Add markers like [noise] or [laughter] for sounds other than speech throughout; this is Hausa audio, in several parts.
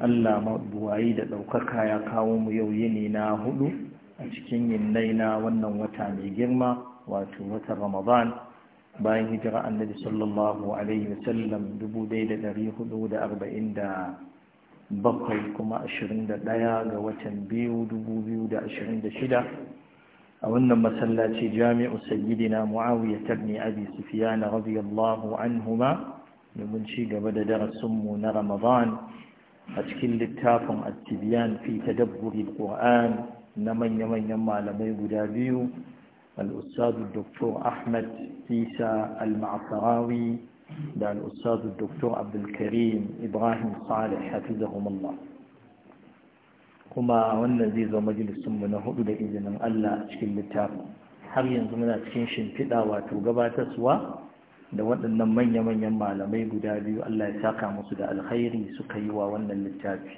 Allah mabuwayi da ɗaukaka ya kawo mu yau yini na hudu a cikin yinnai na wannan wata mai girma wato wata ramadan bayan hijira annabi sallallahu alaihi wasallam 1447 kuma 21 ga watan biyu 2026 a wannan masallaci jami'u sayyidina muawiya tabni abi sufyan radiyallahu anhuma domin ci gaba da darasinmu na ramadan a cikin littafin attibiyan fi tadabburi alquran na manya-manyan malamai guda biyu al-ustad dr ahmad isa al-ma'sarawi da al-ustad dr ibrahim salih hafizahumullah kuma wannan zai zo majalisun mu na hudu da izinin Allah a cikin littafin har yanzu muna cikin shimfiɗa wato gabatarwa da waɗannan manya-manyan malamai guda biyu Allah ya saka musu da alkhairi suka yi wa wannan littafi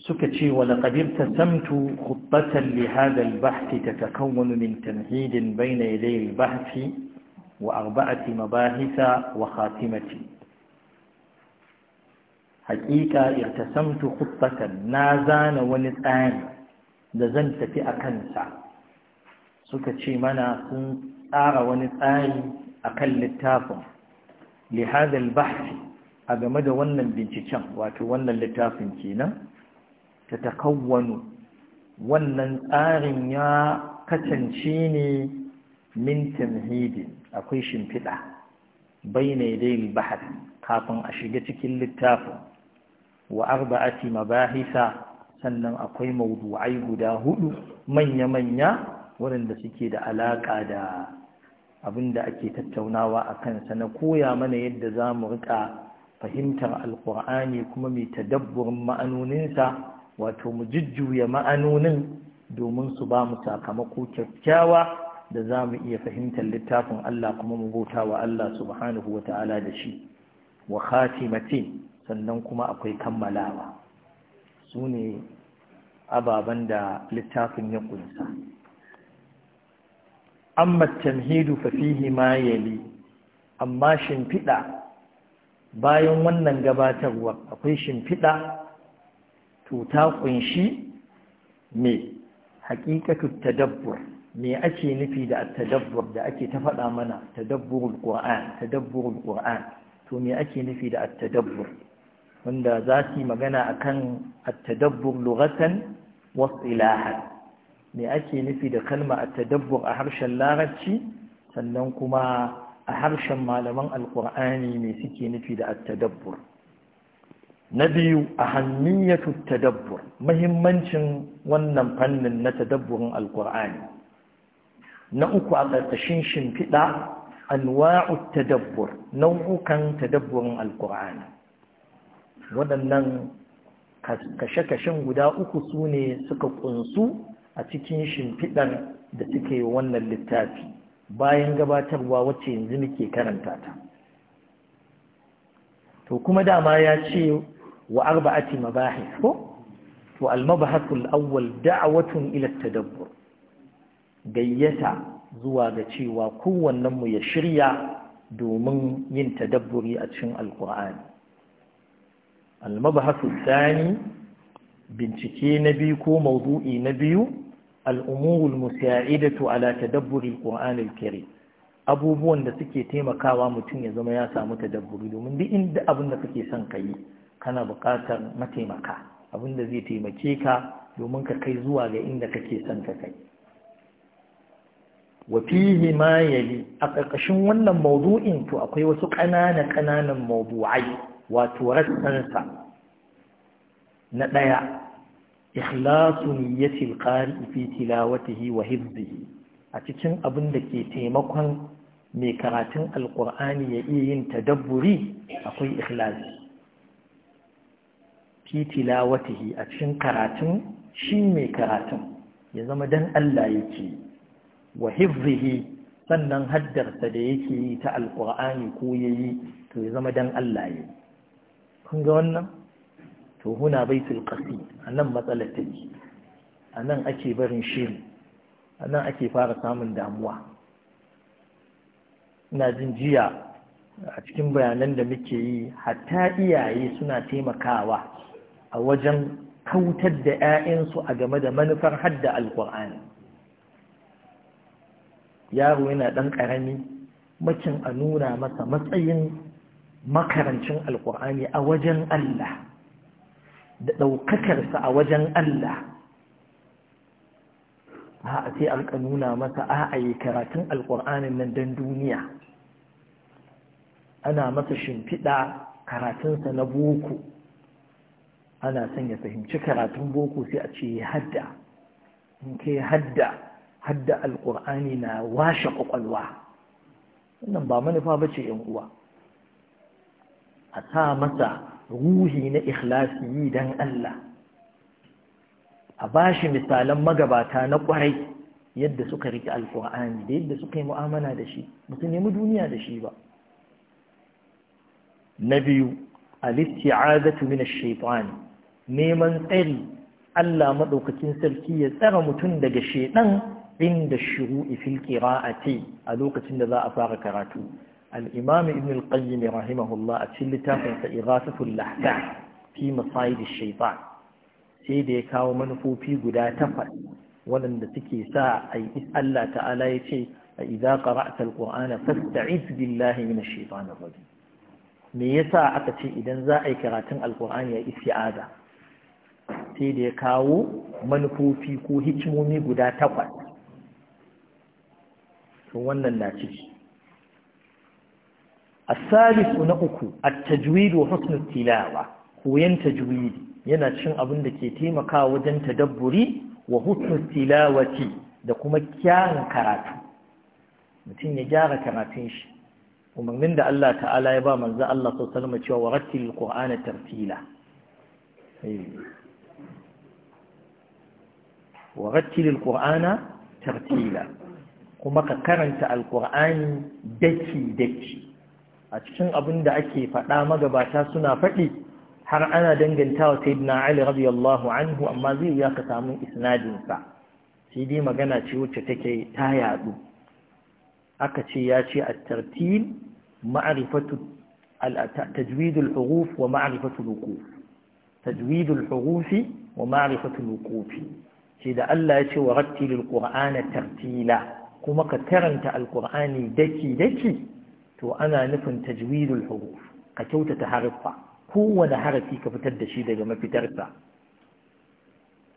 suka ce wa laqadir tasamtu khubbatan li hadha al-bahth tatakawwanu min tanhidin bayna yaday al-bahth wa arba'ati mabahitha wa khatimati haƙiƙa irtasamtu khubbatan na zana wani tsari da zan tafi a kansa suka ce mana sun tsara wani tsari a kan littafin lihazal bahsi a game da wannan binciken wato wannan littafin kenan ta takawwanu wannan tsarin ya kasance ne Mintin hidin. akwai shimfiɗa bai dai bahar kafin a shiga cikin littafin wa arba'ati mabahisa sannan akwai maudu'ai guda hudu manya-manya waɗanda suke da alaƙa da abin da ake tattaunawa a kansa na koya mana yadda za mu riƙa fahimtar alƙur'ani kuma mai tadabburin ma'anoninsa wato mu jujjuya ma'anonin domin su ba mu sakamako kyakkyawa da za mu iya fahimtar littafin Allah kuma mu bauta wa Allah subhanahu wa ta'ala da shi wa khatimatin sannan kuma akwai kammalawa su ne ababen da littafin ya ƙunsa amma tamhidu fa fihi ma yali amma shimfiɗa. bayan wannan gabatarwa akwai shimfiɗa. to ta kunshi me haqiqatu tadabbur me ake nufi da at-tadabbur da ake ta faɗa mana tadabburul qur'an tadabburul qur'an to me ake nufi da at-tadabbur wanda za su yi magana akan at-tadabbur lughatan wa ilahan me ake nufi da kalma a tadabbur a harshen larabci sannan kuma a harshen malaman alkur'ani me suke nufi da tadabbur na biyu a hanniyatu tadabbur mahimmancin wannan fannin na tadabburin alkur'ani na uku a ƙarƙashin shimfiɗa anwa'u tadabbur nau'ukan tadabburin alkur'ani waɗannan kashe-kashen guda uku su ne suka ƙunsu a cikin shimfiɗar da suke wannan littafi bayan gabatarwa wacce yanzu muke karanta ta to kuma dama ya ce wa arba'ati mabahith ko to al awwal da'watun ila tadabbur gayyata zuwa ga cewa kowannen mu ya shirya domin yin tadabburi a cikin alqur'ani al-mabahath al-thani bincike na biyu ko mawdu'i na biyu الأمور المساعدة على dabburi القرآن الكريم abubuwan da suke taimakawa mutum ya zama ya samu dabburi, domin duk inda abin da kake son ka yi kana buƙatar mataimaka abin da zai taimake ka domin ka kai zuwa ga inda kake son ka kai wa ma yali a ƙarƙashin wannan mawdu'in to akwai wasu ƙanana ƙananan mawdu'ai wato rassansa na ɗaya ikhlasu niyyatil qari'i fi tilawatihi wa hifzihi a cikin abin da ke taimakon mai karatun alkur'ani ya iya yin tadabburi akwai ikhlasi fi tilawatihi a cikin karatun shi mai karatun ya zama dan Allah yake wa hifzihi sannan haddarsa da yake yi ta alkur'ani ko yayi to ya zama dan Allah yake kun ga wannan to huna baitul qasi anan matsalar take anan ake barin shiri anan ake fara samun damuwa ina jin jiya a cikin bayanan da muke yi hatta iyaye suna taimakawa a wajen kautar da 'ya'yansu a game da manufar hadda alkur'ani yaro yana ɗan ƙarami makin a nuna masa matsayin makarancin alkur'ani a wajen Allah da ɗaukakarsa a wajen Allah a sai alka nuna masa yi karatun alƙur'anin nan don duniya ana masa shimfiɗa karatunsa na boko ana son ya fahimci karatun boko sai a ce hadda in ke hadda hadda alƙur'ani na washe ƙwaƙwalwa wannan ba manufa ba ce uwa a sa masa ruhi na ikhlasi yi dan Allah a bashi misalan magabata na kwarai yadda suka riƙe alƙur'ani da yadda suka yi mu'amala da shi ba su nemi duniya da shi ba na biyu al-isti'azatu min ash neman tsari Allah madaukakin sarki ya tsara mutum daga shedan inda shiru fil qira'ati a lokacin da za a fara karatu الإمام ابن القيم رحمه الله أتشل تافن إغاثة اللحفة في مصايد الشيطان سيدي كاو منفو في قدا تفل ولن تكي ساعة أي الله تعالى يتي إذا قرأت القرآن فاستعذ بالله من الشيطان الرجيم me yasa aka ce idan za a yi karatun alkur'ani ya isti'aza sai da ya kawo manufofi ko hikimomi guda takwas to wannan na ciki الثالث نأكو التجويد وحسن التلاوة koyan tajwidi yana cin abin da ke taimakawa wajen tadabburi wa hutun tilawati da kuma kyawun karatu mutum ya gyara karatun shi umarnin da Allah ta'ala ya ba manzo Allah sallallahu alaihi cewa warattil qur'ana tartila kuma ka karanta alkur'ani daki daki a cikin abin da ake faɗa magabata suna faɗi har ana dangantawa sayyidina Ali radiyallahu anhu amma zai ya ka samu isnadinsa. sa sai dai magana ce wacce take ta yadu aka ce ya ce a tartil ma'rifatu tajwid huruf wa ma'arifatu al-wuquf huruf wa ce da Allah ya ce wa rattilil qur'ana tartila kuma ka karanta al daki daki to ana nufin tajwidul huruf ka kyautata harfa kowane harafi ka fitar da shi daga mafitarsa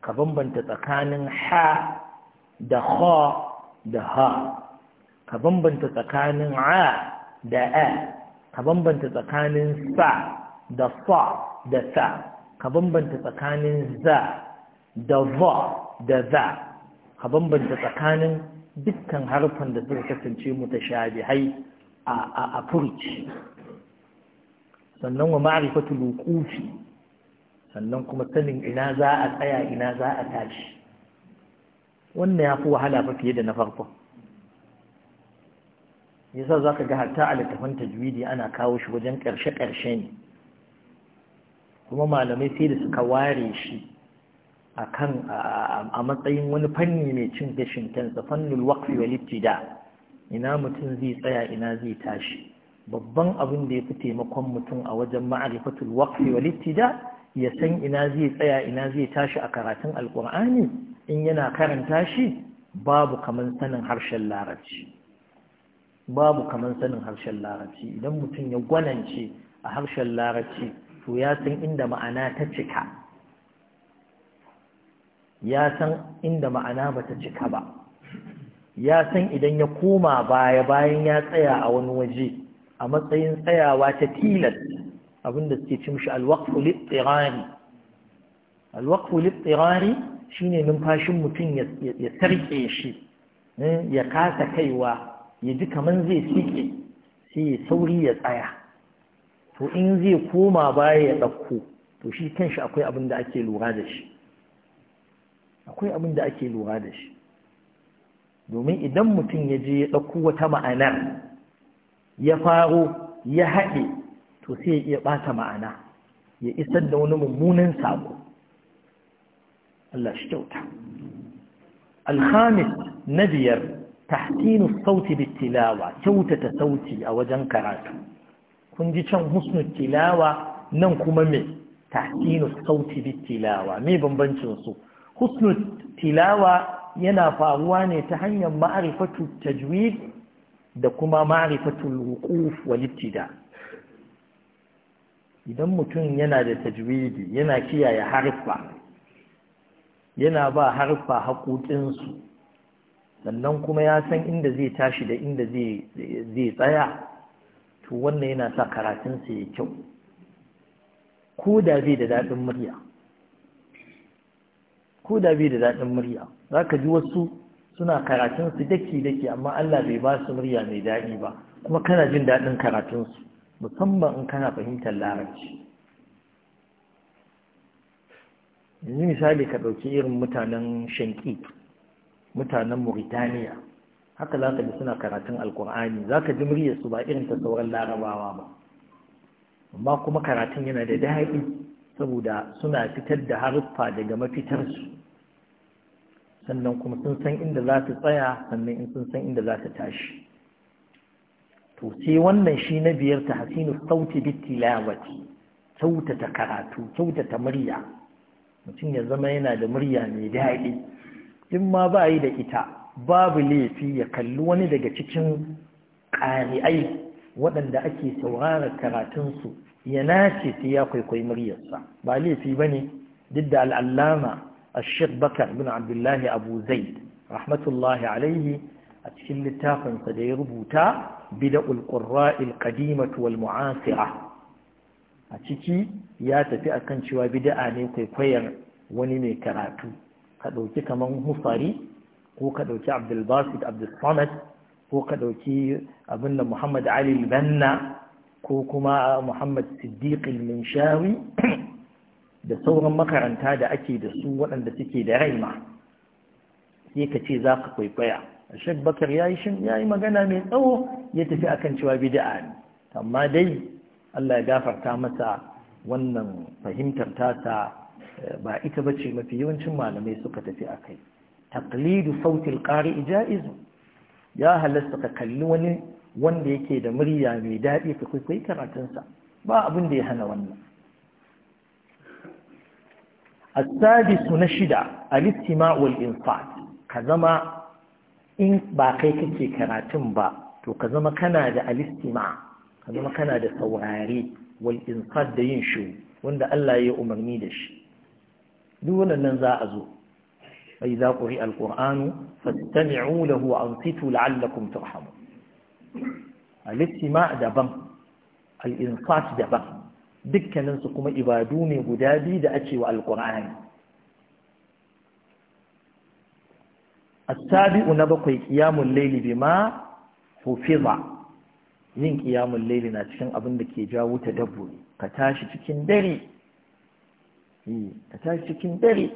ka bambanta tsakanin ha da kha da ha ka bambanta tsakanin a da a ka bambanta tsakanin sa da fa da sa ka bambanta tsakanin za da va da za ka bambanta tsakanin dukkan harfan da suka kasance mutashabihai a furuci sannan wa ma'arifatu lukufi sannan kuma sanin ina za a tsaya ina za a tashi wannan ya fi wahala fa fiye da na farko yasa za ka ga hatta a littafin tajwidi ana kawo shi wajen ƙarshe-ƙarshe ne kuma malamai sai da suka ware shi a matsayin wani fanni mai cin gashin kansa fannin wakfi wa littida ina mutum zai tsaya ina zai tashi babban abin da ya fi taimakon mutum a wajen ma'arifatul waqfi wal ittida ya san ina zai tsaya ina zai tashi a karatun alqur'ani in yana karanta shi babu kaman sanin harshen larabci babu kaman sanin harshen larabci idan mutum ya gwanance a harshen larabci to ya san inda ma'ana ta cika ya san inda ma'ana bata cika ba ya san idan ya koma baya bayan ya tsaya a wani waje a matsayin tsayawa ta tilas abinda suke ci mishi alwaqfu littirari alwaqfu littirari shine numfashin mutum ya sarke shi eh, ya kasa kaiwa ya ji kaman zai sike sai ya sauri ya tsaya to in zai koma baya ya ɗauko to shi kanshi akwai abin ake lura da shi akwai abin da ake lura da shi domin idan mutum ya je ya ɗauko wata ma'anar ya faro ya haɗe to sai ya iya ɓata ma'ana ya isar da wani mummunan sako Allah shi kyauta alhamis na biyar tahtinu sauti da tilawa kyautata sauti a wajen karatu kun ji can husnu tilawa nan kuma me tahtinu sauti da tilawa me bambancin su husnu tilawa yana faruwa ne ta hanyar ma'arifatu tajwid da kuma ma'arifatu wuquf wal ibtida idan mutum yana da tajwidi yana kiyaye harfa yana ba harfa haƙoƙinsu sannan kuma ya san inda zai tashi da inda zai tsaya to wannan yana sa karatunsa ya kyau ko da zai da daɗin murya ko da bai da daɗin murya za ka ji wasu suna karatunsu daki-daki amma Allah bai ba su murya mai daɗi ba kuma kana jin daɗin karatunsu musamman in kana fahimtar larabci yanzu misali ka ɗauki irin mutanen shanki mutanen mauritaniya haka za ka ji suna karatun alkur'ani za ka ji muryarsu ba irin ta sauran larabawa ba amma kuma karatun yana da daɗi saboda suna fitar da haruffa daga mafitarsu sannan kuma sun san inda za su tsaya sannan in sun san inda za su tashi to sai wannan shi na biyar ta hasinu sauti bitilawati kyautata karatu kyautata murya mutum ya zama yana da murya mai daɗi in ma ba yi da ita babu laifi ya kalli wani daga cikin ƙari'ai waɗanda ake saurara karatunsu ya nace sai ya kwaikwayi muryarsa ba laifi ba ne duk da al'allama a shek bakar bin abdullahi abu zaid rahmatullahi alaihi a cikin littafinsa da ya rubuta bida ulƙurra ilƙadimatu wal mu'asira a ciki ya tafi akan cewa bida'a ne kwaikwayar wani mai karatu ka ɗauki kamar hufari ko ka ɗauki abdulbasit abdulsamad ko ka ɗauki abin da muhammad ali banna ko kuma Muhammad Siddiq al-Minshawi [clears throat] da sauran makaranta da ake da su waɗanda suke da raima sai ka ce za ka kwaikwaya Sheikh Bakar ya yi magana mai tsawo ya tafi akan cewa bid'a ne amma dai Allah ya gafarta masa wannan fahimtar tasa eh, ba ita bace mafi yawancin malamai suka tafi akai taklidu sautil ija izu. ya halasta ka kalli wani wanda yake da murya mai daɗi ka kwaikwayi karatunsa ba abin da ya hana wannan asabisu na shida alistima wal infat ka zama in ba kai kake karatun ba to ka zama kana da alistima ka zama kana da saurare wal infat da yin shi wanda Allah ya umarni da shi duk wannan za a zo ai za ku ri alqur'anu fastami'u lahu wa ansitu la'allakum turhamun al-istima daban al daban dukkanin kuma ibadu ne guda biyu da ake wa alqur'ani sabiu na bakwai qiyamul layli bima hufiza yin qiyamul layli na cikin abin da ke jawo ta dabburi ka tashi cikin dare eh, ka tashi cikin dare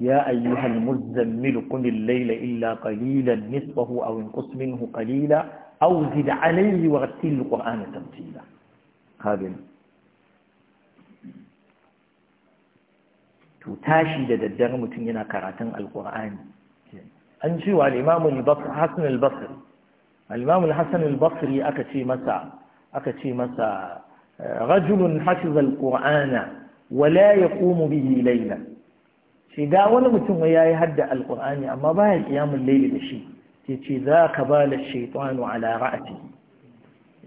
يا أيها المزمل قم الليل إلا قليلا نصفه أو انقص منه قليلا أو زد عليه ورتل القرآن ترتيلا هذا تاشي دا الدرم متن كراتن القرآن أنشي والإمام البصر حسن البصري الإمام الحسن البصري أكتي مسا أكتي مسا آه، رجل حفظ القرآن ولا يقوم به ليلا ce ga wani mutum ya yi hadda alƙur'ani amma baya kiyamun laili da shi ce ce za ka ba da shaitanu ala ra'ati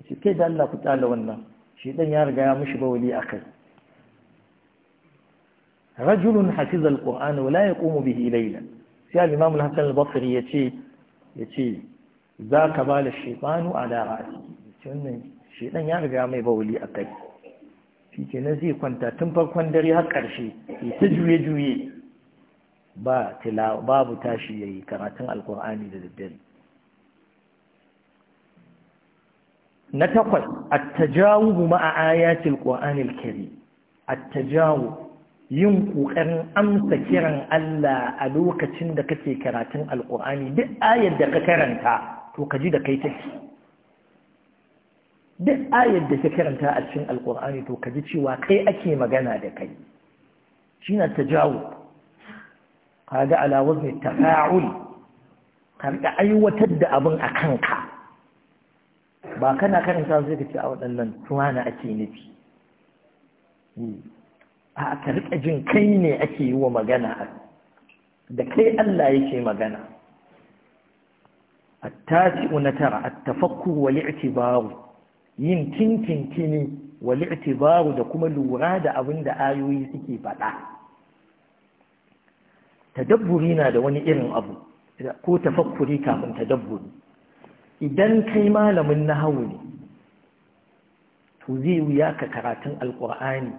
ce kai da Allah ku tsala wannan shaitan ya riga ya mishi bawali a kai rajulun hafiz alƙur'ani wala ya ƙumu bihi laila sai al-imam al-hasan al-basri ya ce ya ce za ka ba da shaitanu ala ra'ati ce wannan shaitan ya riga mai bawali a kai shi kenan zai kwanta tun farkon dare har ƙarshe ya ta juye-juye ba babu tashi yi karatun alqur'ani da daddare na takwas a tajawubu ma'a ayatil qur'anil karim at yin ƙoƙarin amsa kiran Allah a lokacin da kake karatun alqur'ani duk ayar da ka karanta to ka ji da kai take duk ayar da ka karanta a cikin alkur'ani to ka ji cewa kai ake magana da kai na tajawub kaga ala wazni tafa'ul karka aiwatar da abin a kanka ba kana karanta sai ka ce a waɗannan tuwana ake nufi hmm. a ka rika jin kai ne ake yi wa magana da kai Allah yake magana التاسع نترى التفكر baru. yin tintintini wali baru da kuma lura da abin da ayoyi suke faɗa tadabburi na da wani irin abu ko tafakkuri kafin tadabburi idan kai malamin nahawu ne to zai wuya ka karatun alkur'ani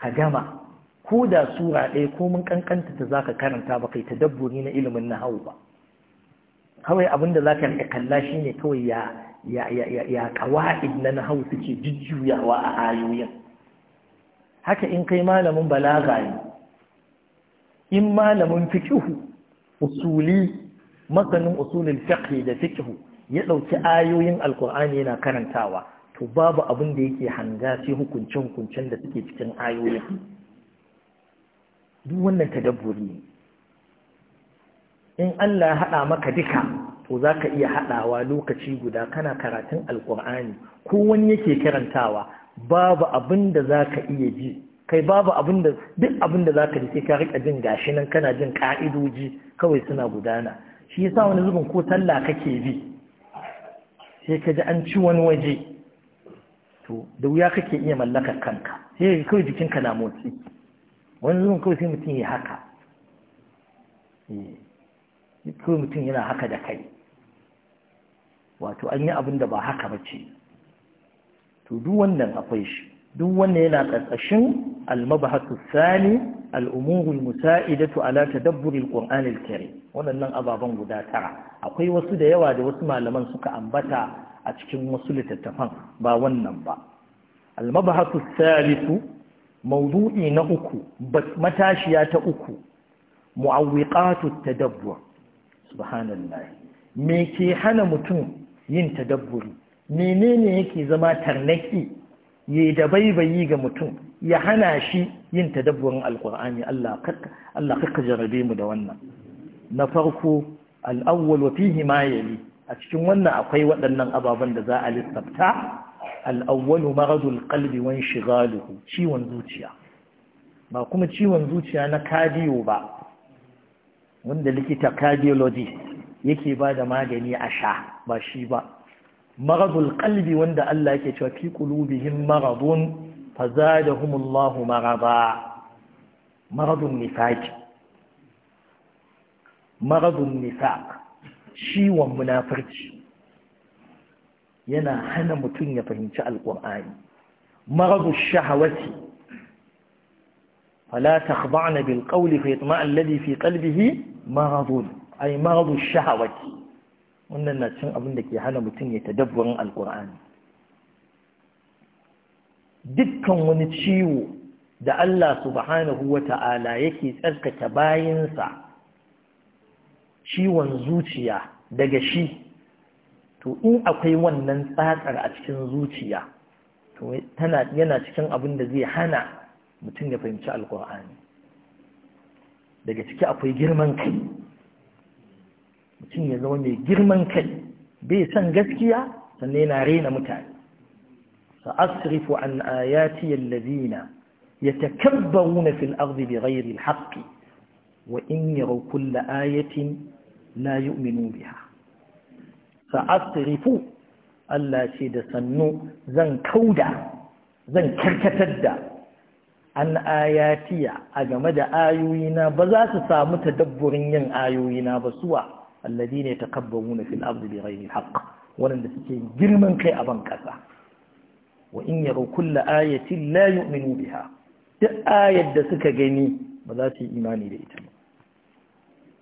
ka gama ko da sura ɗaya ko mun kankanta ta zaka karanta ba kai tadabburi na ilimin nahawu ba kawai abin da zaka rika kalla shine kawai ya ya ya ya, ya na nahawu suke jujjuyawa a ayoyin haka in kai malamin balaga ne in malamin fikihu usuli masanin usulul fiqh da fikihu ya ɗauki ayoyin alkur'ani yana karantawa to babu abin da yake hanga sai hukunce hukuncen da suke cikin ayoyin duk wannan tadabburi in Allah ya haɗa maka duka to zaka iya haɗawa lokaci guda kana karatun alkur'ani ko wani yake karantawa babu abin da za ka iya ji kai babu abin da duk abin da zaka ji sai ka rika jin gashi nan kana jin ka'idoji kawai suna gudana shi yasa wani zubin ko talla kake bi sai ka ji an ci wani waje to da wuya kake iya mallaka kanka sai kawai jikinka na motsi wani zubin kawai sai mutum ya haka eh, kawai mutum yana haka da kai wato an yi abin da ba haka ba ce to duk wannan akwai shi duk wanda yana ƙarƙashin almabahatu sani al'umurul musa'idatu ala tadabburil qur'anil karim waɗannan ababen guda tara akwai wasu da yawa da wasu malaman suka ambata a cikin wasu littattafan ba wannan ba almabahatu salisu maudu'i na uku matashiya ta uku ta tadabbur subhanallah me ke hana mutum yin tadabburi menene yake zama tarnaki ya da baibayi ga mutum ya hana shi yin tadabburin alkur'ani Allah kakka jarabe mu da wannan na farko al'awwal wa fihi ma yali a cikin wannan akwai waɗannan ababen da za a lissafta al'awwalu maradul qalbi wan shigaluhu ciwon zuciya ba kuma ciwon zuciya na cardio ba wanda likita cardiologist yake ba da magani a sha ba shi ba maradul kalbi wanda Allah yake cewa fi qulubihim maradun fazadahumullahu marada maradun nifaq maradun nifaq ciwon munafurci yana hana mutum ya fahimci alqur'ani maradul shahawati fala takhda'na bil qawli fa yatma'a alladhi fi qalbihi maradun ay shahawati wannan na cin abin da ke hana mutum ya tadabburin alkur'ani dukkan wani ciwo da Allah subhanahu wa ta'ala yake tsarkake bayansa ciwon zuciya daga shi to in akwai wannan tsatsar a cikin zuciya to yana cikin abin da zai hana mutum ya fahimci alkur'ani daga ciki akwai girman kai mutum ya zama mai girman kai bai san gaskiya sannan yana rena mutane sa asrifu an ya allazina yatakabbaruna fil ardi bighayri alhaqqi wa in yaru kulla ayatin la yu'minu biha sa asrifu Allah ce da sannu zan kauda zan karkatar da an ayatiya a game da ayoyina ba za su samu tadabburin yin ayoyina ba suwa alladhina yatakabbaruna fil ardi bighayri haqq wanda suke girman kai a ban kasa wa in yaraw kull ayatin layu yu'minu biya. duk ayar da suka gani ba za su yi imani da ita ba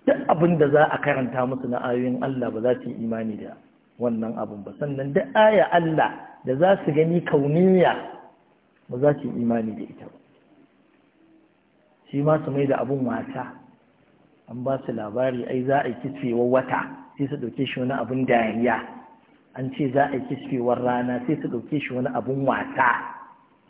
duk abin da za a karanta musu na ayoyin Allah ba za su yi imani da wannan abin ba sannan duk aya Allah da za su gani kauniya ba za su yi imani da ita ba shi ma su mai da abin wata an ba su labari ai za a yi wata sai su ɗauke shi wani abun dariya an ce za a yi rana sai su ɗauke shi wani abun wasa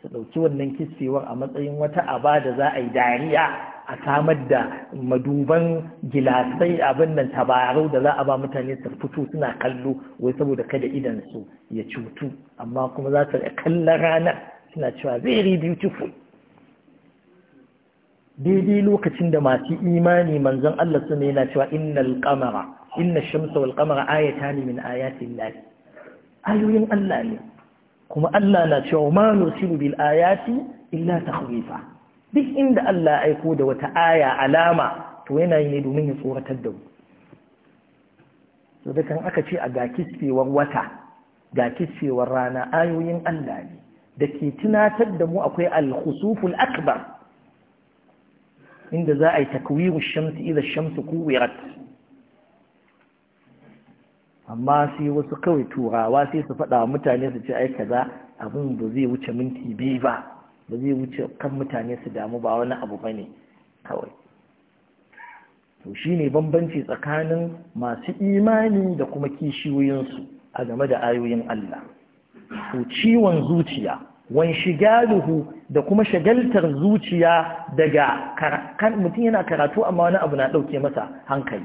su ɗauki wannan kisfewar a matsayin wata aba da za a yi dariya a samar da maduban gilasai abin nan tabarau da za a ba mutane su fito suna kallo wai saboda kada idan su ya cutu amma kuma za su kallon ranar suna cewa very beautiful daidai lokacin da masu imani manzon Allah su ne yana cewa innal qamara inna shamsa wal qamara ayatan min ayatin lahi ayoyin Allah ne kuma Allah na cewa ma nusiru bil ayati illa takhwifa duk inda Allah aiko da wata aya alama to yana yi ne domin ya tsoratar da mu to dukan aka ce a ga wata ga rana ayoyin Allah ne da ke tunatar da mu akwai al-khusuful akbar inda za a yi takwiru shamsu idha shamsu kuwirat amma sai wasu kawai turawa sai su faɗa wa mutane su ce ai kaza abin ba zai wuce minti biyu ba ba zai wuce kan mutane su damu ba wani abu ba ne kawai to shi ne bambanci tsakanin masu imani da kuma kishiyoyinsu a game da ayoyin Allah to ciwon zuciya wan shigaluhu da kuma shagaltar zuciya daga mutum yana karatu amma wani abu na dauke masa hankali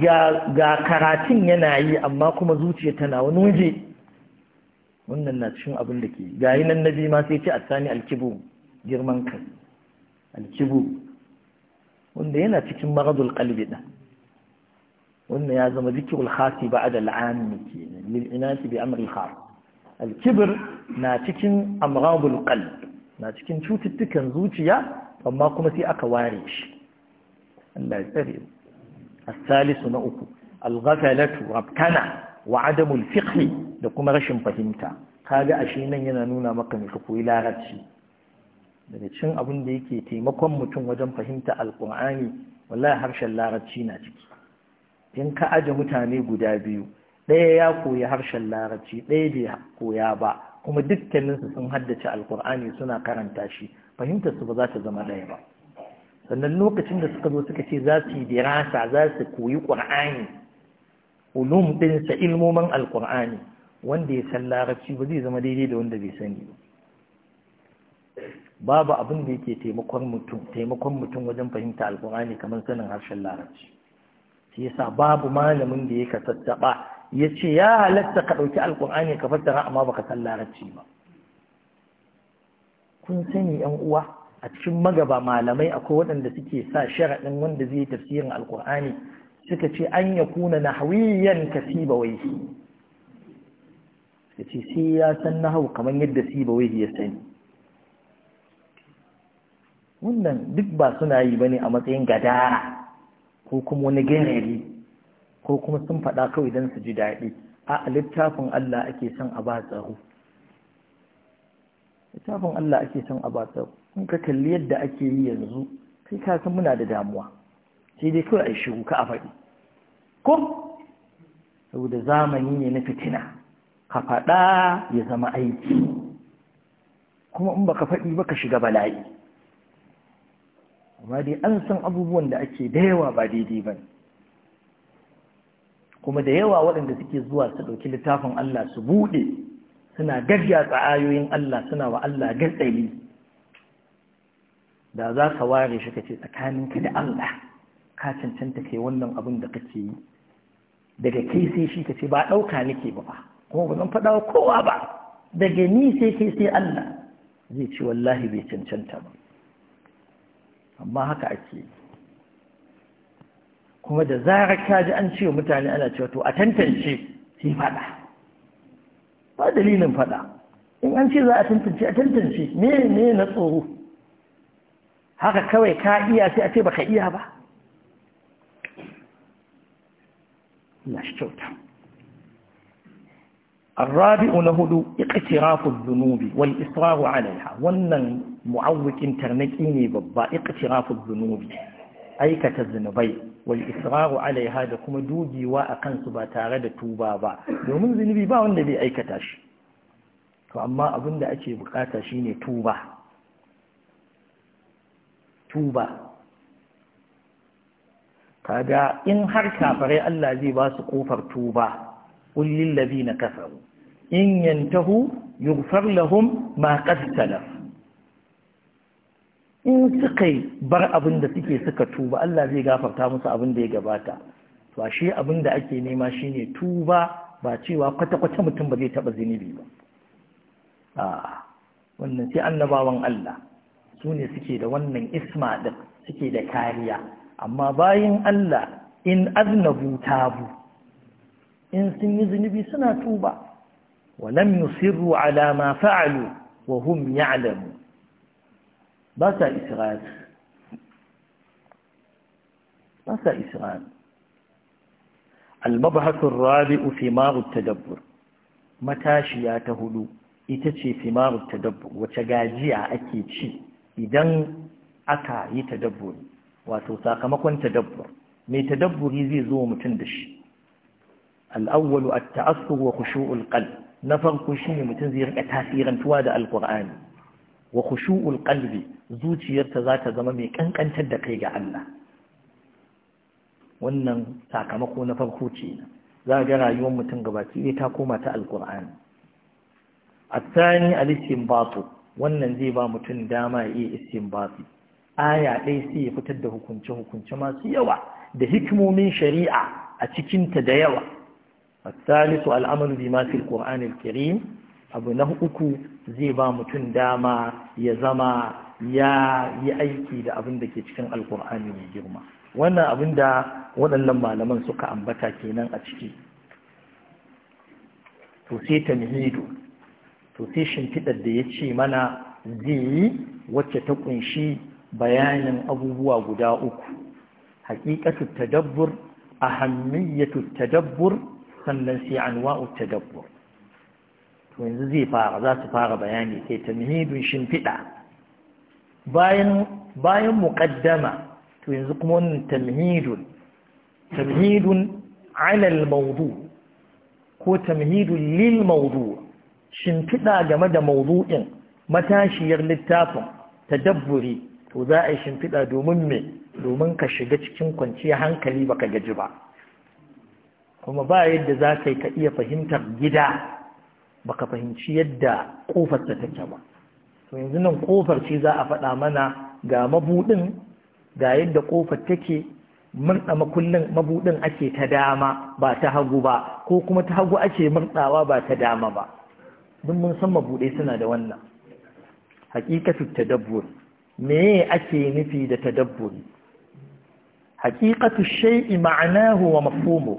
ga ga karatun yana yi amma kuma zuciya tana wani waje wannan na cikin abin da ke yi nan nabi ma sai ce asani alkibu girman kai alkibu wanda yana cikin maradul qalbi ɗan. wannan ya zama zikirul khasi ba'da al'ami kenan lil inasi bi amri khas alkibir na cikin amradul qalb na cikin cututtukan zuciya amma kuma sai aka ware shi Allah ya tsare الثالث نأكو da kuma rashin fahimta لكم ashe nan yana nuna maka ne ka koyi larabci. daga cikin abin da yake taimakon mutum wajen fahimta alkur'ani wallahi harshen larabci na ciki in ka aje mutane guda biyu ɗaya ya koyi harshen larabci ɗaya bai koya ba kuma dukkaninsu sun haddace alkur'ani suna karanta shi fahimtar su ba za ta zama ɗaya ba sannan lokacin da suka zo suka ce za su yi dirasa za su koyi ƙur'ani ulum ɗinsa ilmomin alkur'ani wanda ya san larabci ba zai zama daidai da wanda bai sani ba babu abin da yake taimakon mutum taimakon mutum wajen fahimta alkur'ani kamar sanin harshen larabci shi yasa babu malamin da ya kasassaba ya ce ya halatta ka ɗauki alƙur'ani ka fassara amma baka san larabci ba kun sani yan uwa a cikin magaba malamai akwai waɗanda suke sa sharaɗin wanda zai tafsirin alƙur'ani suka ce an ya kuna nahwiyan ka siba waihi suka ce sai ya san na hau kamar yadda siba waihi ya sani wannan duk ba suna yi ba ne a matsayin gadara ko kuma wani gairari ko kuma sun faɗa kawai don su ji daɗi a littafin Allah ake son a ba tsaro littafin Allah ake son a ba tsaro in ka kalli yadda ake yi yanzu kai ka san muna da damuwa sai dai kawai a shiru ka a faɗi ko saboda zamani ne na fitina ka faɗa ya zama aiki kuma in baka faɗi baka shiga bala'i amma dai an san abubuwan da ake da yawa ba daidai ba ne kuma da yawa waɗanda suke zuwa su ɗauki littafin Allah su buɗe suna gaggatsa ayoyin Allah suna wa Allah gatsali da za ka ware shi ka ce tsakaninka da Allah ka cancanta kai wannan abin da kake yi daga kai sai shi ka ce ba ɗauka nake ba kuma ba zan faɗa wa kowa ba daga ni sai kai sai Allah zai ce wallahi bai cancanta ba amma haka ake yi kuma da zarar ka ji an cewa mutane ana cewa to a tantance sai faɗa ba dalilin faɗa in an ce za a tantance a tantance me ne na tsoro haka kawai ka iya sai a ce baka iya ba shi kyauta الرابع نهد اقتراف الذنوب والإصرار عليها ونن معوك ترنكيني ببا اقتراف الذنوب أيكة الذنوبين wal israru alaiha da kuma dugewa a kansu ba tare da tuba ba domin zunubi ba wanda bai aikata shi to amma abin da ake bukata shine tuba tuba kaga in har kafirai Allah zai ba su kofar tuba kullil ladina kafaru in yantahu yughfar lahum ma qad in suka bar abin da suke suka tuba Allah zai gafarta musu abin da ya gabata to ashe abin da ake nema shine tuba ba cewa kwata-kwata mutum ba zai taba zinubi ba a wannan sai annabawan Allah su ne suke da wannan isma din suke da kariya amma bayan Allah in aznabu tabu in sun yi zinubi suna tuba walam yusirru ala ma fa'alu wa hum ya'lamu باسا إسرائيل باسا إسرائيل المبحث الرابع ثمار التدبر متى شيا تهلو إتشي ثمار التدبر وتجاجيع أكيتشي إذن أكا يتدبر وتوساق مكوان تدبر مي تدبر يزي زوم تندش الأول التأثر وخشوع القلب نفر كشيم متنزير أتاثيرا توادى القرآن wa khushu'ul qalbi zuciyarta za ta zama mai kankantar da kai ga Allah wannan sakamako na farko ce za ga rayuwar mutum gabaki ne ta koma ta alqur'ani athani al-istinbatu wannan zai ba mutum dama ya yi istinbati aya ɗaya sai ya fitar da hukunce hukunce masu yawa da hikimomin shari'a a cikinta da yawa الثالث العمل بما في القرآن الكريم abu na uku zai ba mutum dama ya zama ya yi aiki da abin da ke cikin alkur'ani mai girma wannan abin da waɗannan malaman suka ambata kenan a ciki to sai ta to sai shimfiɗar da ya ce mana zai yi wacce ta ƙunshi bayanin abubuwa guda uku haƙiƙatu tadabbur ahammiyatu tadabbur sannan sai anwa'u tadabbur yanzu zai fara za su fara bayani sai tamhidun shimfiɗa bayan bayan muqaddama to yanzu kuma wani tamhidun tamhidun ala ko tamhidun lil mawdu shimfiɗa game da mawdu'in matashiyar littafin tadabburi to za a yi shimfiɗa domin me domin ka shiga cikin kwanciyar hankali baka gaji ba kuma ba yadda za ka iya fahimtar gida baka fahimci yadda kofar ta take ba to yanzu nan kofar ce za a faɗa mana ga mabudin ga yadda kofar take murda makullin mabudin ake ta dama ba ta hagu ba ko kuma ta hagu ake murɗawa ba ta dama ba duk mun san mabuɗe suna da wannan hakikatu tadabbur me ake nufi da tadabbur hakikatu shay'i ma'anahu wa mafhumu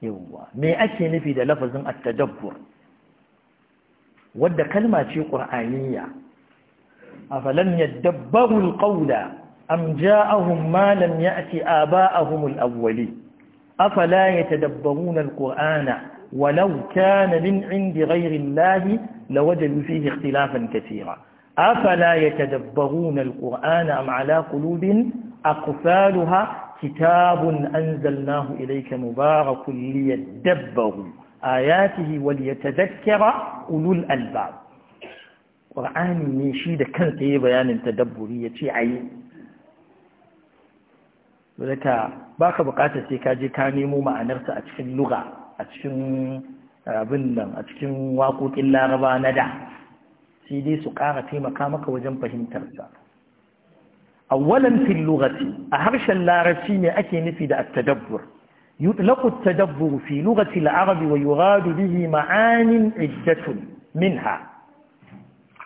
yawwa me ake nufi da lafazin at-tadabbur wadda kalma ce ƙur'aniyya a falon yadda bahul ƙaula am ja ahun malam ya ake a ba a humul abuwali a fala ya ta dabbarun walau ta na min indi rairin lahi na wajen nufi ikhtilafin katira a fala ya ta dabbarun al-ƙu'ana a ma'ala kulubin a kusaluwa kitabun an zalnahu ilaika mubarakun liyar dabbaru ayatihi wal yatadhakkara ulul albab Ƙur'ani ne shi da kansa yayin bayanin tadabburi yace ayi daga baka bukatar sai ka je ka nemo ma'anarsa a cikin lugha a cikin abin nan a cikin waƙoƙin laraba na da sai dai su ƙara taimaka maka wajen fahimtarsa awwalan fil lughati a harshen larabci ne ake nufi da at-tadabbur يطلق التدبر في لغة العرب ويراد به معان عدة منها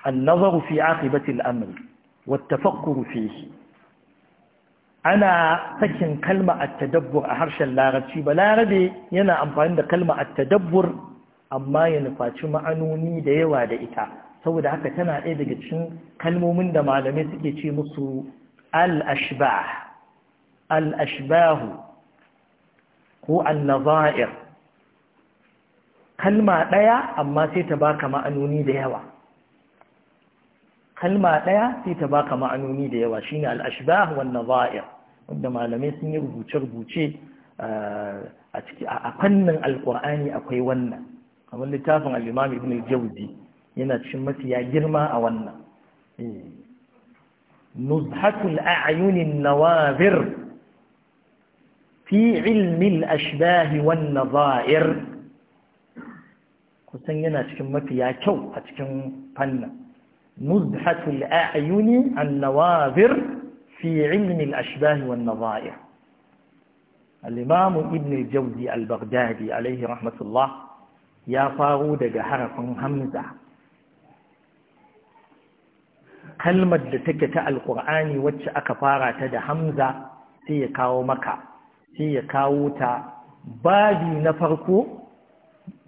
النظر في عاقبة الأمر والتفكر فيه أنا تكن كلمة التدبر أهرش اللاربشي بلاربي ينا أمفان كلمة التدبر أما ينفاتش معنوني ديوا دئتا سوى دا حتى تنا إيدك تشن كلمة من دا على مسكي مصر الأشباه الأشباه ko annaza'ir kalma ɗaya amma sai ta baka ma'anoni da yawa kalma ɗaya sai ta baka ma'anoni da yawa shine al-ashbah wan naza'ir wanda malamai sun yi rubuce-rubuce eh, a ciki a fannin alkur'ani akwai wannan kamar littafin al-imam ibn al-jawzi yana cikin mafiya girma a wannan eh. nuzhatul a'yunin nawazir في علم الأشباه والنظائر kusan yana cikin mafiya kyau a cikin fannin muzhatul a'yuni an-nawazir fi ilm al-ashbah wa an-nadha'ir al-imam ibn al-jawzi al-baghdadi alayhi rahmatullah ya faro daga harafin hamza kalmar da take ta alqur'ani wacce aka fara ta da hamza sai ya kawo maka sai ya kawo ta babi na farko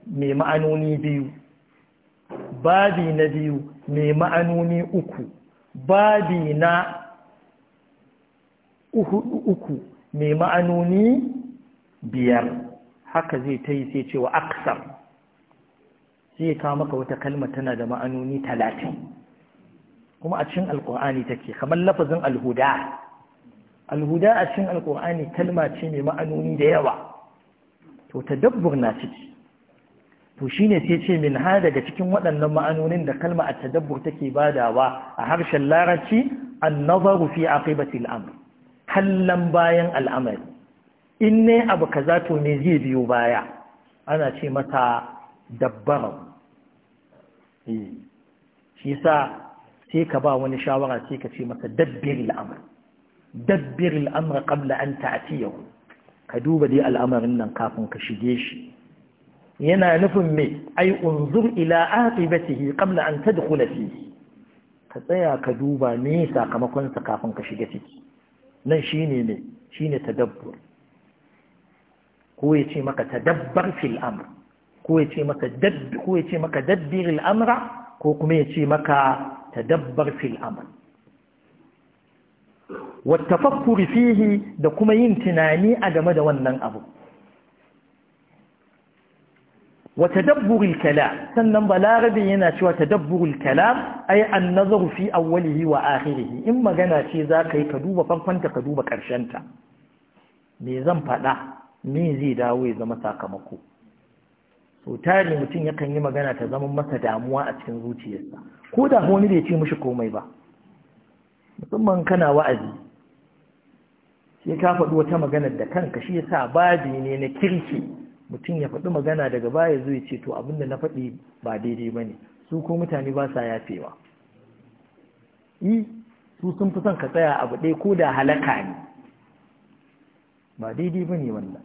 mai ma'anoni biyu babi na biyu mai ma'anoni uku babi na uku mai ma'anoni biyar haka zai ta yi sai cewa aksar sai kawo maka wata kalma tana da ma'anoni talatin kuma a cikin alkur'ani take kamar lafazin alhuda alhuda a cikin alkur'ani kalma ce mai ma'anoni da yawa to tadabbur na ciki to shine sai ce min ha daga cikin waɗannan ma'anonin da kalma a tadabbur take badawa a harshen larabci an fi aqibati al-amr bayan al'amari in ne abu kaza to ne zai biyo baya ana ce mata dabbara eh. shi yasa sai ka ba wani shawara sai ka ce masa dabbin al'amari dabbir al'amra qabla an ta'tiyahu ka duba dai al'amarin nan kafin ka shige shi yana nufin me ai unzur ila aqibatihi qabla an tadkhula fihi ka tsaya ka duba me sakamakon sa kafin ka shiga ciki nan shine ne shine tadabbur ko ya ce maka tadabbar fil amr ko ya ce maka dabb ko maka dabbir ko kuma ya ce maka tadabbar fil amr Wata fihi da kuma yin tunani a game da wannan abu wata dabburil kalam sannan balarabe yana cewa tadabburul kalam ai an nazaru fi awwalihi wa akhirihi in magana ce za ka yi ka duba farkonta ka duba ta me zan faɗa me zai dawo ya zama sakamako so tare mutum yakan yi magana ta zama masa damuwa a cikin zuciyarsa ko da wani bai ce mishi komai ba musamman kana wa'azi sai ka faɗi wata magana da kanka shi yasa babi ne na kirki mutum ya faɗi magana daga baya zuwa ce to abinda na faɗi ba daidai ba ne su ko mutane ba sa yafewa yi su sun fi son ka tsaya abu ɗaya ko da halaka ne ba daidai ba ne wannan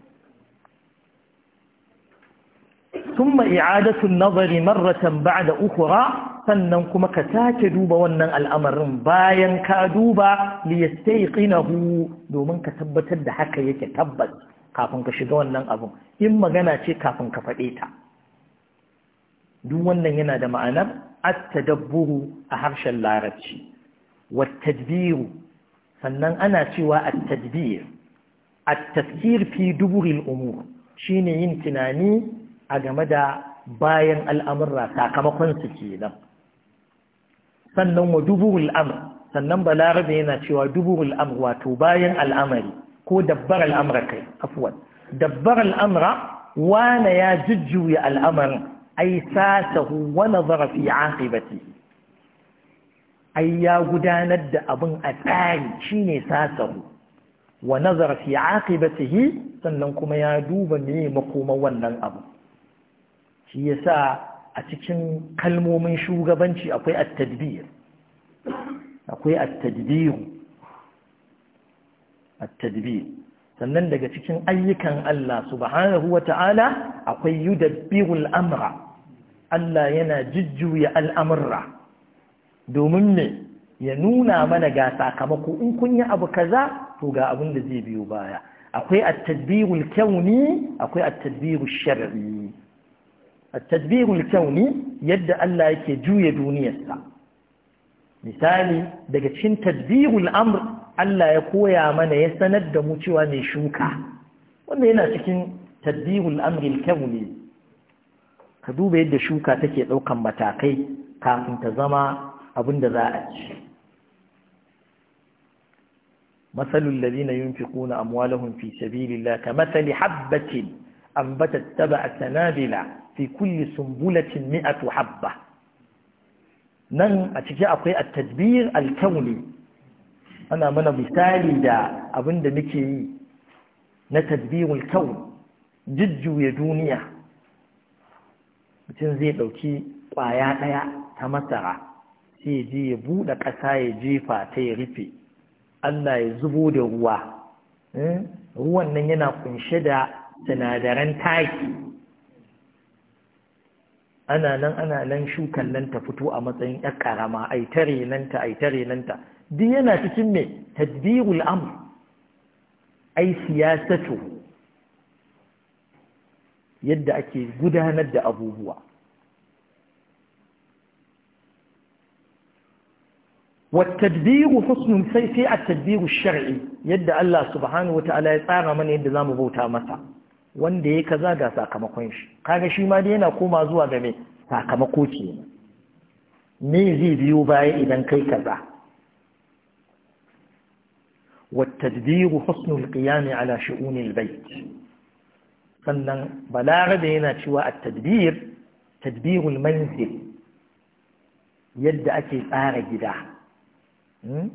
ثم إعادة النظر مرة بعد أخرى sannan kuma ka sake duba wannan al'amarin bayan ka duba liyastaiqinahu domin ka tabbatar da haka yake tabbas kafin ka shiga wannan abun in magana ce kafin ka faɗe ta duk wannan yana da ma'anar at-tadabburu a harshen larabci wattadbiru tadbiru sannan ana cewa at-tadbir at-tafkir fi duburil umur shine yin tunani a game da bayan al'amurra sakamakon su kenan sannan wa duburul amr sannan balarabe yana cewa duburul amr wato bayan al'amari ko dabbar al'amra kai afwan dabbar al'amra wana ya jujjuya al'amarin ai sasahu wa nazara fi aqibati ai ya gudanar da abin a tsari shine sasahu wa nazara fi aqibatihi sannan kuma ya duba me makoman wannan abu shi yasa a cikin kalmomin shugabanci akwai attadbir akwai attadbir attadbir sannan daga cikin ayyukan Allah subhanahu wata'ala akwai yudabbirul amra Allah yana jujjuya al'amurra domin ne ya nuna mana ga sakamako in kun yi abu kaza to ga abin da zai biyo baya akwai attadbiru kyau kauni akwai attadbiru sharri A tadbirul kyau يد yadda يكي جوية juya duniyarsa. misali daga cikin tadbirul amr Allah ya koya mana ya sanar da mu cewa mai shuka wanda yana cikin tadbirul amr kyau kawni ka duba yadda shuka take ɗaukan matakai kafin ta zama abin da za a ci masalul ladina yunfiquna amwalahum fi sabilillah kamathali habatin anbatat sab'a sanabila fi kulli sumbulatin mi'atu habba nan a ciki akwai at-tadbir al-kawni ana mana misali da abin da muke yi na tadbirul kawn jujjuya duniya mutum zai ɗauki kwaya ɗaya ta masara sai je ya bude kasa ya jefa ta ya rufe Allah ya zubo da ruwa hmm? ruwan nan yana kunshe da sinadaran taki ana nan ana nan shukan nan ta fito a matsayin yar ƙarama, ai tare nan ta ai tare nan ta duk yana cikin me tadbirul amr ai siyasatu yadda ake gudanar da abubuwa والتدبير حسن في التدبير الشرعي يد الله سبحانه وتعالى يتعرى من يد ذا مبوتا مسا wanda ya kaza ga sakamakon shi kaga shi ma dai yana koma zuwa ga mai sakamako ke me zai biyo baya idan kai kaza والتدبير حسن القيام على شؤون البيت sannan balarabe yana cewa a tadbir tadbirul manzil yadda ake tsara gida hmm?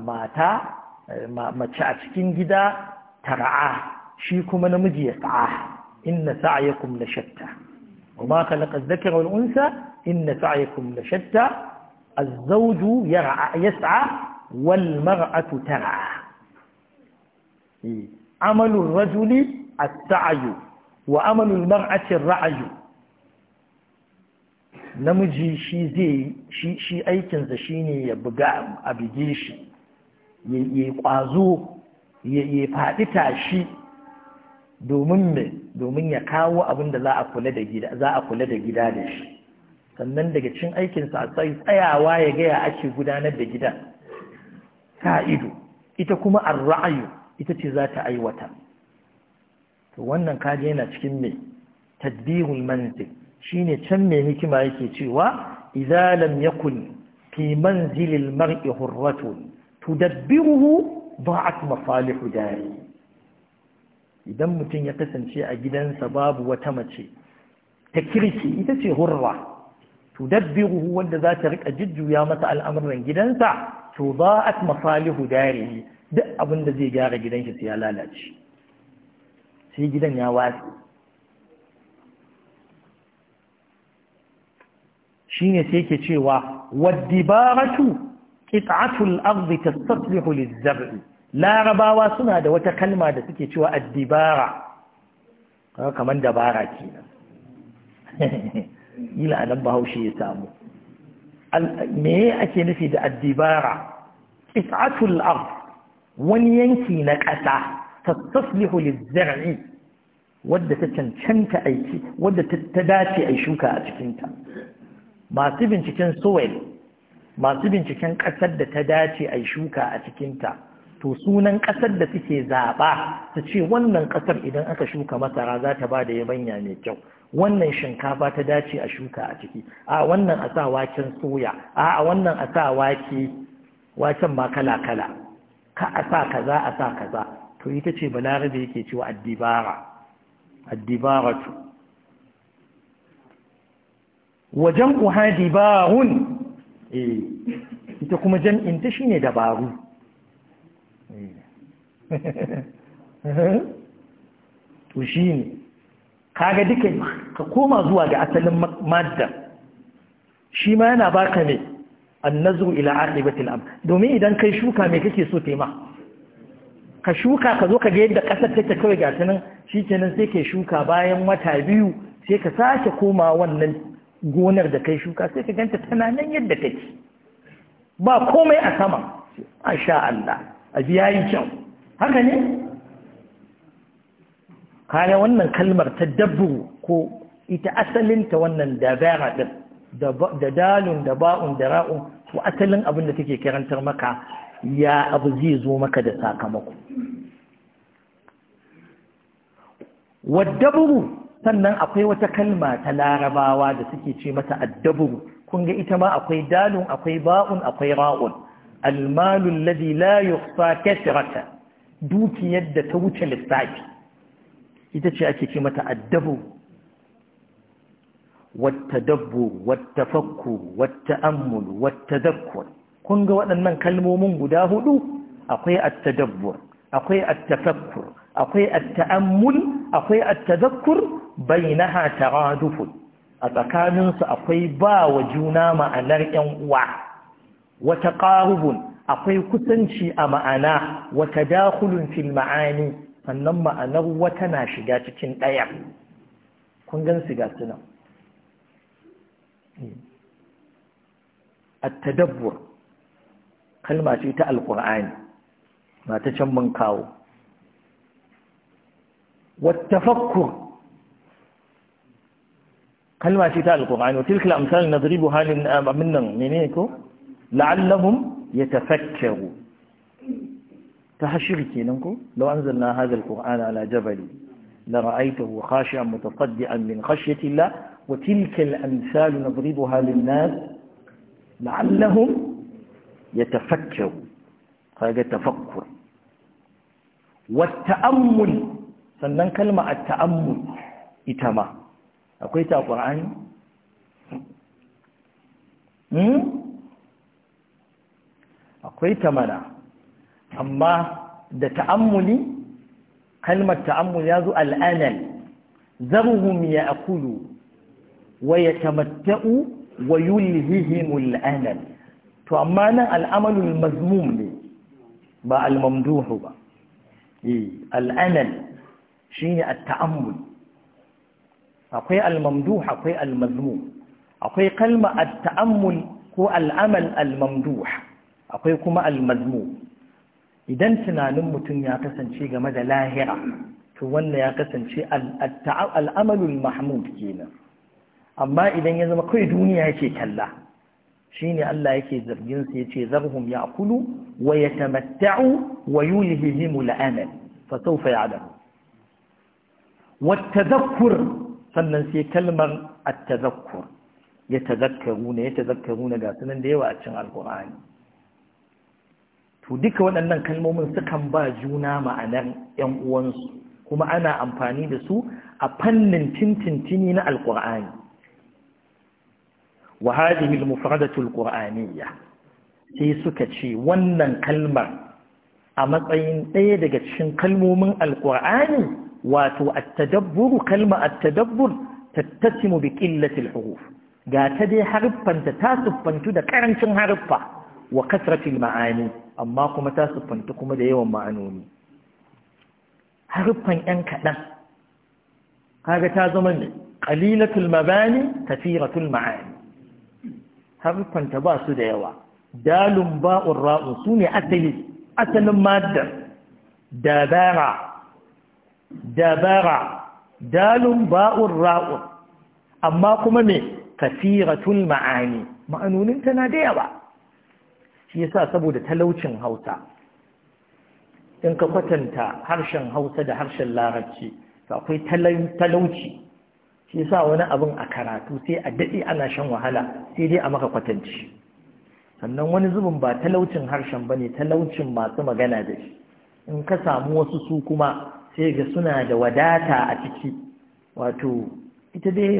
mata eh, mace a cikin gida tara'a shi kuma namiji ya sa'a inna sa'yakum la shatta wa ma khalaqa adh-dhakara wal unsa inna sa'yakum la shatta az-zawju yar'a yas'a wal mar'atu tar'a eh, amalu ar-rajuli as-sa'yu wa amalu al-mar'ati ar-ra'yu namiji shi zai shi shi aikinsa shine ya buga abige shi ya kwazo ya faɗi tashi domin me domin ya kawo abin da za a kula da gida za a kula da gida da shi sannan daga cikin sa a tsayawa ya gaya ake gudanar da gida ta ido ita kuma an ra'ayu ita ce za ta aiwata to wannan kaji yana cikin me tadbirul manzil shine can me hikima yake cewa idza lam yakun fi manzilil mar'i hurratun tudabbiruhu da'at masalihu dari idan mutum ya kasance a gidansa babu wata mace ta kirki ita ce hurra to dabbiruhu wanda za ta rika jujjuya masa al'amuran gidansa to ba'at masalihu darihi duk abin da zai gyara gidan shi sai ya lalace sai gidan ya watsi shine sai yake cewa waddibaratu ƙit'atul arzi tastaslihu liz-zar'i larabawa suna da wata kalma da suke cewa addibara kamar dabara kenan [laughs] ila anan bahaushe ya samu me ake nufi da addibara qit'atul ard wani yanki na ƙasa tattaslihu lizzar'i wadda ta cancanta aiki wadda ta dace a shuka a cikinta masu binciken soil masu binciken ƙasar da ta dace a shuka a cikinta to sunan ƙasar da suke zaɓa su ce wannan ƙasar idan aka shuka masara za ta ba da yabanya mai kyau wannan shinkafa ta dace a shuka a ciki a wannan a sa waken soya a wannan a sa wake waken ma kala kala ka a sa kaza a sa kaza to ita ce balarabe yake cewa addibara to wajen uha dibarun eh ita kuma jam'in ta shine dabaru [laughs] to shi ne kaga duka ka koma zuwa ga asalin madda shi ma yana baka ne annazru ila aqibatil am domin idan kai shuka me kake so tema ka shuka ka zo ka ga yadda kasar take kawai ga shi kenan sai kai shuka bayan wata biyu sai ka sake koma wannan gonar da kai shuka sai ka ganta tana nan yadda take ba komai a sama sha Allah abi yayi kyau haka ne kaga wannan kalmar ta dabbu ko ita asalinta wannan dabara da dalun da ba'un da ra'un ko asalin abin da take karantar maka ya abu zai zo maka da sakamako waddaburu sannan akwai wata kalma ta larabawa da suke ce mata addaburu kun ga ita ma akwai dalun akwai ba'un akwai ra'un almalu alladhi la yuqfa dukiyar da ta wuce lissafi ita ce ake ce mata addabu wata والتفكر wata والتذكر kun ga waɗannan kalmomin guda hudu akwai at-tadabbur akwai at-tafakkur akwai at-ta'ammul akwai na tadhakkur bainaha taraduf a tsakaninsu akwai ba wa juna ma'anar ƴan uwa wata ƙarubun akwai kusanci a ma'ana wata dakulun fil ma'ani sannan ma'anar wata na shiga cikin ɗaya kun gan su ga suna hmm. tadabbur, kalma ce ta alƙur'ani ba ta can mun kawo wattafakkur kalma ce ta alkur'ani wa tilkal amsal nadribuha lin aminan menene ko لعلهم يتفكروا تحشر كينكو لو أنزلنا هذا القرآن على جبل لرأيته خاشعا متصدعا من خشية الله وتلك الأمثال نضربها للناس لعلهم يتفكروا هذا التفكر والتأمل سنن كلمة التأمل إتما ita ma قرآن akwai ta amma da ta'ammuli kalmar ta'ammuli ya zo al'anal zarhum ya akulu wa ya tamatta'u wa yulhihimul anal to amma nan al'amalul mazmum ne ba al-mamduhu ba e, al'anal shine a taammul akwai al-mamduh akwai al-mazmum akwai kalma at-ta'ammul ko al'amal al-mamduh akwai kuma almazmu idan tunanin mutum ya kasance game da lahira to wannan ya kasance al'amalul mahmud kenan amma idan ya zama kai duniya yake kalla shine Allah yake zargin su yace zarhum ya'kulu wa yatamatta'u wa yulhihim al'amal fa sawfa ya'lam wa tadhakkur sannan sai kalmar at-tadhakkur yatadhakkaruna yatadhakkaruna ga sunan da yawa a cikin alqur'ani to duka waɗannan kalmomin sukan ba juna ma'anar ‘yan uwansu kuma ana amfani da su a fannin tintintini na alƙur'ani wa hadhihi al-mufradatu al-qur'aniyya sai suka ce wannan kalmar a matsayin ɗaya daga cikin kalmomin alƙur'ani wato at-tadabbur kalma at-tadabbur tattasimu bi qillati al-huruf ga ta dai haruffanta ta siffantu da karancin haruffa wa kasratil ma'ani amma kuma ta siffanta kuma da yawan ma'anoni haruffan yan kaɗan kaga ta zama ne qalilatul mabani kathiratul ma'ani haruffan ta ba su da yawa dalun ba'un ra'un su ne asalin maddar dabara dabara dalun ba'un ra'un amma kuma me kathiratul ma'ani ma'anonin tana da yawa shi yasa saboda talaucin hausa in ka kwatanta harshen hausa da harshen larabci to akwai talauci shi yasa wani abin a karatu sai a daɗe ana shan wahala sai dai a maka kwatanci sannan wani zubin ba talaucin harshen bane talaucin masu magana da shi in ka samu wasu su kuma sai ga suna da wadata a ciki wato ita dai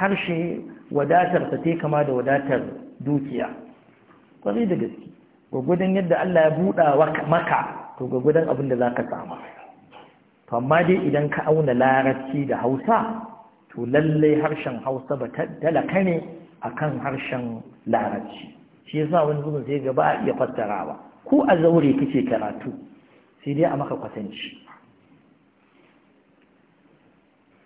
harshe wadatar ta kama da wadatar dukiya kwarai da gaske gwagwadon yadda Allah ya buɗa maka to gwagwadon abin da za ka sama to amma dai idan ka auna larabci da hausa to lallai harshen hausa ba talaka ne a kan harshen larabci shi yasa wani zubin sai gaba a iya fassarawa ko a zaure kake karatu sai dai a maka kwatanci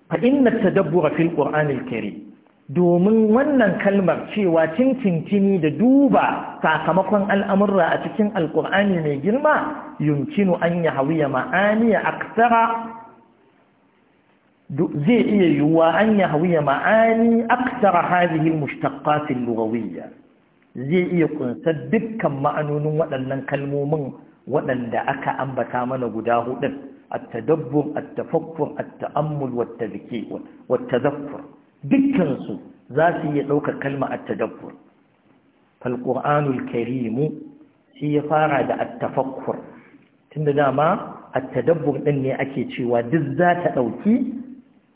fa inna tadabbura fil qur'anil karim domin wannan kalmar cewa tintintini da duba sakamakon al'amurra a cikin alkur'ani mai girma yunkinu an yi hawiya ma'aniya aktara zai iya yiwuwa an yi hawiya ma'ani aktara hazihin mushtakatin lurawiyya zai iya kunsa dukkan ma'anonin waɗannan kalmomin waɗanda aka ambata mana guda hudun التدبر التفكر التأمل والتذكير والتذكر dukkansu za su iya ɗaukar kalma a tadabbur falƙur'anul karimu sai ya fara da attafakkur tunda dama attadabbur ɗin ne ake cewa duk za ta ɗauki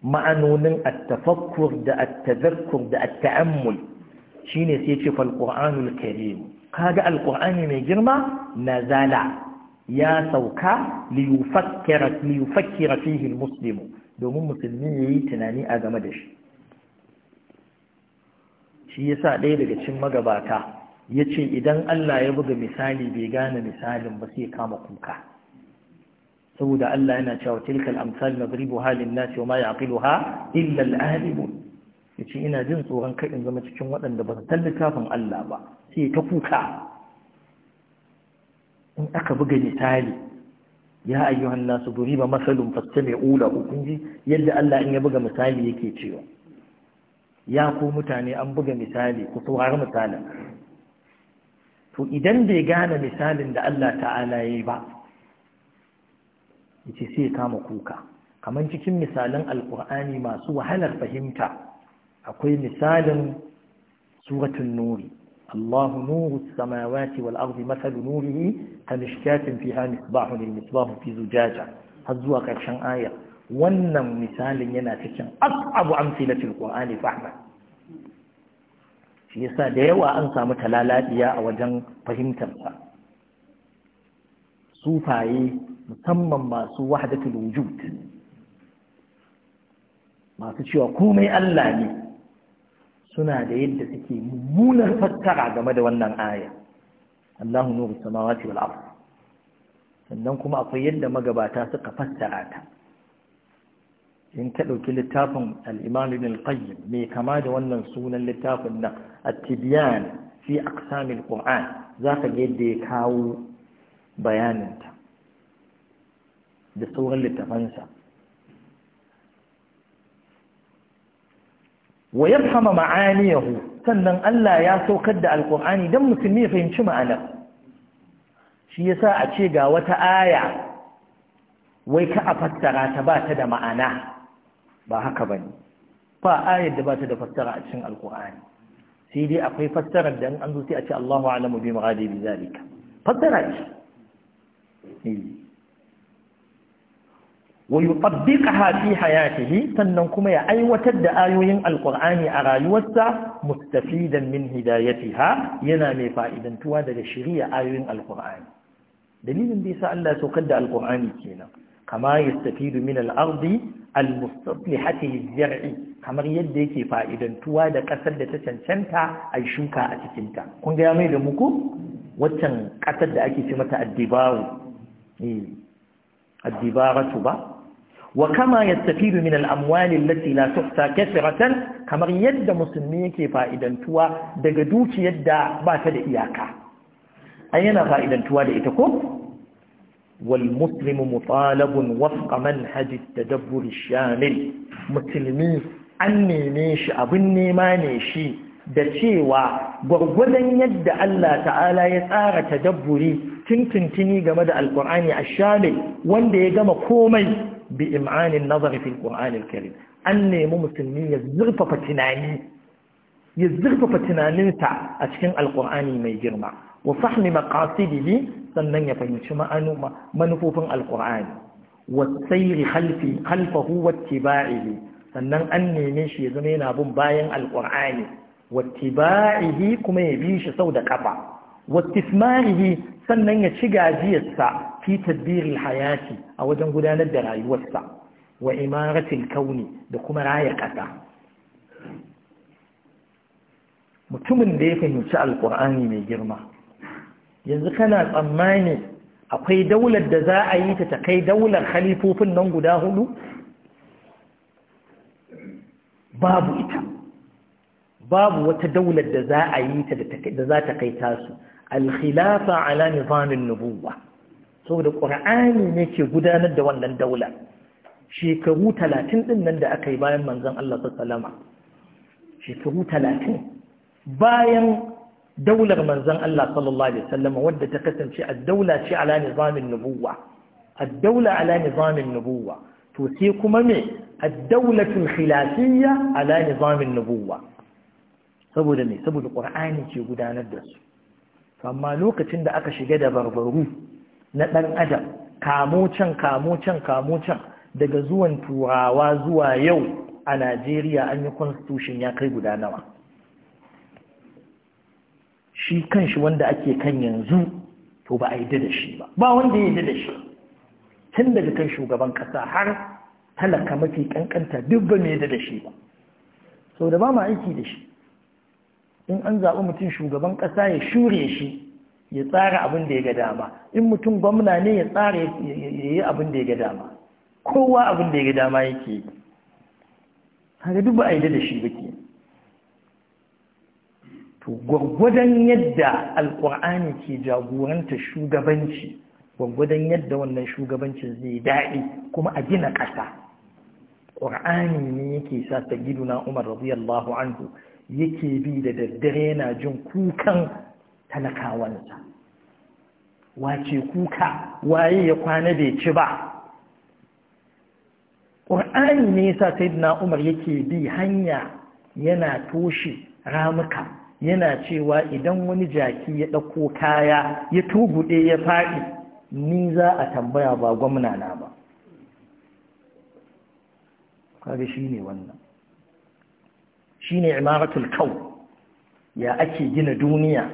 ma'anonin attafakkur da attazakkur da atta'ammul shine sai ce falƙur'anul karimu kaga alƙur'ani mai girma nazala ya sauka liyufakkira fihi almuslimu domin musulmi yayi tunani a game da shi shi yasa ɗaya daga cikin magabata ya ce idan Allah ya buga misali bai gane misalin ba sai kama kuka saboda Allah yana cewa tilkal amsal nadribu halin nasi wa ma yaqiluha illa al-alim yace ina jin tsoron kai in zama cikin waɗanda ba su tafin Allah ba sai ta kuka in aka buga misali ya ayyuhan nasu duriba masalun fastami'u lahu kun ji yadda Allah in ya buga misali yake cewa ya ku mutane an buga misali ku saurari misalin to idan bai gane misalin da Allah ta'ala ya yi ba yace sai kama kuka kamar cikin misalan alkur'ani masu wahalar fahimta akwai misalin suratul nuri الله نور السماوات والأرض مثل نوره كمشكات فيها مصباح للمصباح في زجاجة هذا هو كرشان آية wannan misalin yana cikin abu amsilatul qur'ani fahma shi yasa da yawa an samu talalaɗiya a wajen fahimtar sa sufaye musamman masu wahdatul wujud masu cewa komai Allah ne suna da yadda suke mummunar fassara game da wannan aya Allahu nuru samawati wal ardh sannan kuma akwai yadda magabata suka fassara ta in ka ɗauki littafin al'imam ibn al mai kama da wannan sunan littafin nan a tibyan fi aqsamil qur'an zaka ga yadda ya kawo bayaninta da sauran littafansa wa yafhama ma'aniyahu sannan Allah ya saukar da alqur'ani dan musulmi ya fahimci ma'anar shi yasa a ce ga wata aya wai ka a fassara ta ba ta da ma'ana ba haka ba ne ba ayar da ba ta da fassara a cikin alkur'ani sai dai akwai fassarar da an zo sai a ce Allahu a'lamu bi muradi bi zalika fassara ce wa yutabbiqaha fi hayatihi sannan kuma ya aiwatar da ayoyin alkur'ani a rayuwarsa mustafidan min hidayatiha yana mai fa'idantuwa daga shari'a ayoyin alkur'ani dalilin da yasa Allah ya saukar da alkur'ani kenan kama yastafidu min al-ardi al-mustaslihatihi kamar yadda yake fa'idantuwa da kasar da ta cancanta a shuka a cikin ta kun ga mai da muku waccan kasar da ake ce mata addibawu, eh addibaratu ba wa kama yastafidu min al allati la tuhsa kathiratan kamar yadda musulmi yake fa'idantuwa daga dukiyar da ba ta da iyaka ai yana fa'idantuwa da ita ko والمسلم مطالب وفق منهج التدبر الشامل مسلمي an nemi shi abin nema ne shi da cewa gwargwadon yadda Allah ta'ala ya tsara tadabburi tuntuntuni game da Alƙur'ani a shamil wanda ya gama komai bi im'anin nazari fil qur'anil karim an nemi musulmi ya zurfafa tunani ya zurfafa tunaninsa a cikin alkur'ani mai girma wa fahmi maqasidihi sannan ya fahimci manufofin alkur'ani wa sayri khalfi khalfahu wa tiba'ihi sannan an neme shi ya zama yana bin bayan alkur'ani wa tiba'ihi kuma ya bi shi sau da kafa wa tismarihi sannan ya ci gajiyarsa fi tadbiril hayati a wajen gudanar da rayuwarsa wa imaratil kauni da kuma rayar kasa mutumin da ya fahimci alkur'ani mai girma yanzu kana tsammani akwai daular da za a yi ta ta kai daular halifofin nan guda hudu babu ita babu wata daular da za a yi ta da za ta kai tasu alkhilafa ala nizamin nubuwa saboda ƙur'ani ne ke gudanar da wannan daular shekaru talatin ɗin nan da aka yi bayan manzan Allah sallama shekaru talatin bayan daular manzan Allah sallallahu Alaihi wasallama wadda ta kasance a daula ce ala nizamin nubuwa a daula ala nizamin nubuwa to sai kuma me a daulatul khilafiyya ala nizamin nubuwa saboda me saboda ƙur'ani ke gudanar da su amma lokacin da aka shiga da barbaru na ɗan adam kamo can kamo can daga zuwan turawa zuwa yau a Najeriya an yi constitution ya kai guda nawa shi kan shi wanda ake kan yanzu to ba a yi da shi ba ba wanda ya yi da shi tun daga kan shugaban kasa har talaka mafi kankanta duk ba mai da shi ba sau da ba ma aiki da shi in an zaɓi mutum shugaban kasa ya shure shi ya tsara abin da ya ga dama in mutum gwamna ne ya tsara ya yi abin da ya ga dama kowa abin da ya ga dama yake haka duk ba a yi da shi ba ke to gwaggwadon yadda alƙur'ani ke jagoranta shugabanci gwaggwadon yadda wannan shugabancin zai daɗi kuma a gina ƙasa ƙur'ani ne yake sa ta na umar radiyallahu anhu yake bi da daddare yana jin kukan talakawansa wace kuka waye ya kwana bai ci ba ƙur'ani ne yasa sayyidina umar yake bi hanya yana toshe ramuka yana cewa idan wani jaki ya ɗauko kaya ya tuguɗe ya faɗi ni za a tambaya ba gwamna na ba Kare shi ne wannan shi ne imaratul kau ya ake gina duniya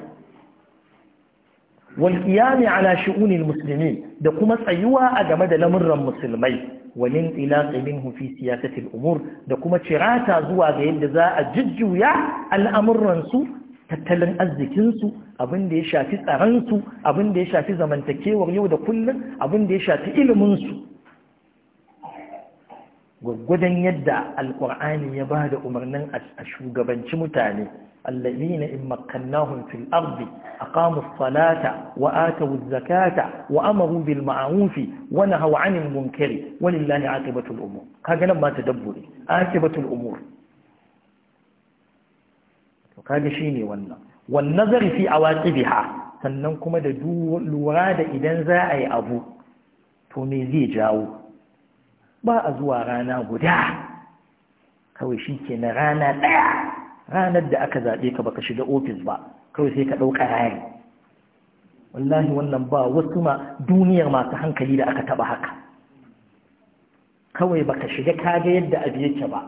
wal ala shi'unin musulmi da kuma tsayuwa a game da lamurran musulmai wa min tilaqi minhu fi siyasati al-umur da kuma cirata zuwa ga yadda za a jujjuya al'amuran su tattalin arzikin su abin da ya shafi tsaron su abin da ya shafi zamantakewar yau da kullum abin da ya shafi ilimin su gwaggwadon yadda alkur'ani ya ba da umarnin a shugabanci mutane الذين إن مكناهم في الأرض أقاموا الصلاة وآتوا الزكاة وأمروا بالمعروف ونهوا عن المنكر ولله عاقبة الأمور هذا ما تدبري عاقبة الأمور وكذا شيني والنظر والنظر في عواقبها sannan kuma da lura da idan za a yi abu to me zai jawo ba a zuwa rana guda kawai shi ke na rana ɗaya ranar da aka zaɓe ka baka shiga ofis ba kawai sai ka ɗauka rayan wallahi wannan ba wasu ma duniyar masu hankali da aka taɓa haka kawai baka shiga kaga yadda abu yake ba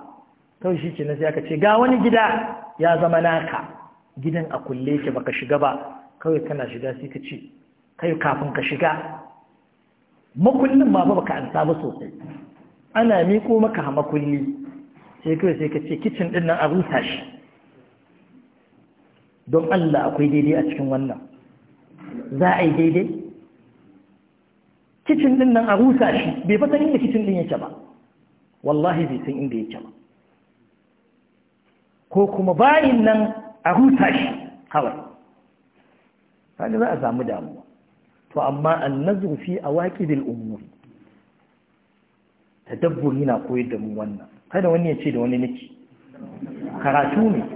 kawai shi ce na sai aka ce ga wani gida ya zama naka gidan a kulle ke baka shiga ba kawai kana shiga sai ka ce kai kafin ka shiga makullin ma ba baka ansa ba sosai ana miko maka makulli sai kawai sai ka ce kicin ɗin nan a rusa shi don Allah akwai daidai a cikin wannan za a yi daidai kicin din nan a rusa shi bai fasa inda kicin din yake ba wallahi bai san inda yake ba ko kuma bayin nan a rusa shi kawai kaga za a samu damuwa to amma annazru a awaqidil umuri dabbori na koyar da mu wannan kada wani ya ce da wani nake karatu ne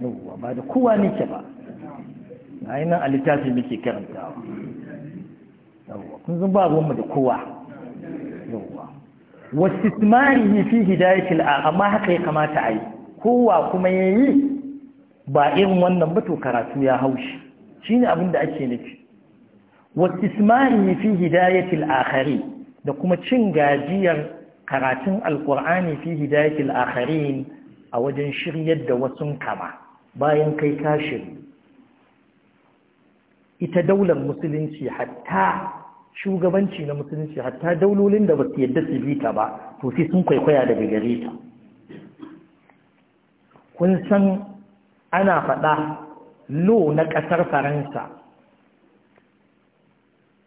yawwa ba da kowa nake ba ga yi nan a littafi muke karantawa yawwa kun zan ba ruwanmu da kowa yawwa wasu tsimari fi hidayatul amma haka ya kamata a yi kowa kuma ya yi ba irin wannan ba to karatu ya haushi shi ne abin da ake nufi wasu tsimari fi hidayatul akhari da kuma cin gajiyar karatun alƙur'ani fi hidayatul akharin a wajen shiryar da wasun kama bayan kai kashin ita daular musulunci hatta shugabanci na musulunci hatta daulolin da ba su yadda su bi ta ba to sai sun kwaikwaya daga gare ta kun san ana faɗa lo na ƙasar faransa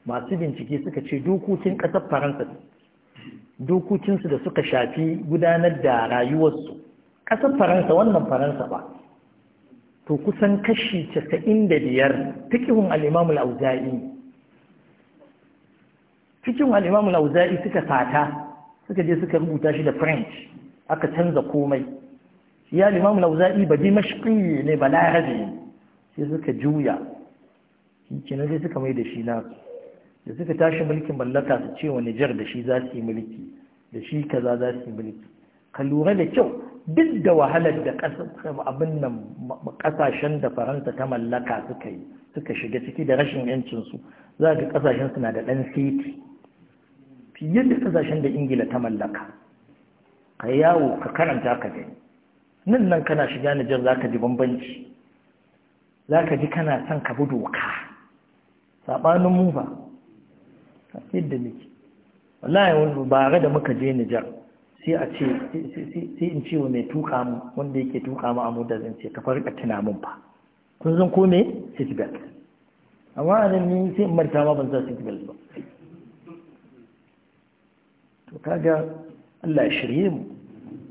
masu bincike suka ce dokokin ƙasar faransa dokokinsu da suka shafi gudanar da rayuwarsu ƙasar faransa wannan faransa ba to kusan kashi casa'in da biyar fikihun al'imamul auza'i fikihun al'imamul auza'i suka fata suka je suka rubuta shi da french aka canza komai ya al'imamul auza'i ba dimashqi ne ba larabi sai suka juya kenan sai suka mai da shi na da suka tashi mulkin mallaka su ce wa nijar da shi za su yi mulki da shi kaza za su yi mulki ka lura da kyau duk da wahalar da abin nan kasashen da faransa ta mallaka suka yi suka shiga ciki da rashin yancinsu za ga kasashen suna da ɗan siti fiye da kasashen da ingila ta mallaka ka yawo ka karanta ka gani nan nan kana shiga nijar za ka ji bambanci za ka ji kana son ka bi doka saɓanin mu ba da muke wallahi ba da muka je nijar sai a ce sai in ce wa mai tuka mu wanda yake tuka mu a mota zan ce ka tuna mun fa kun san ko me seat belt amma a nan ni sai in marta ma ban sa seat belt ba to kaga Allah ya shirye mu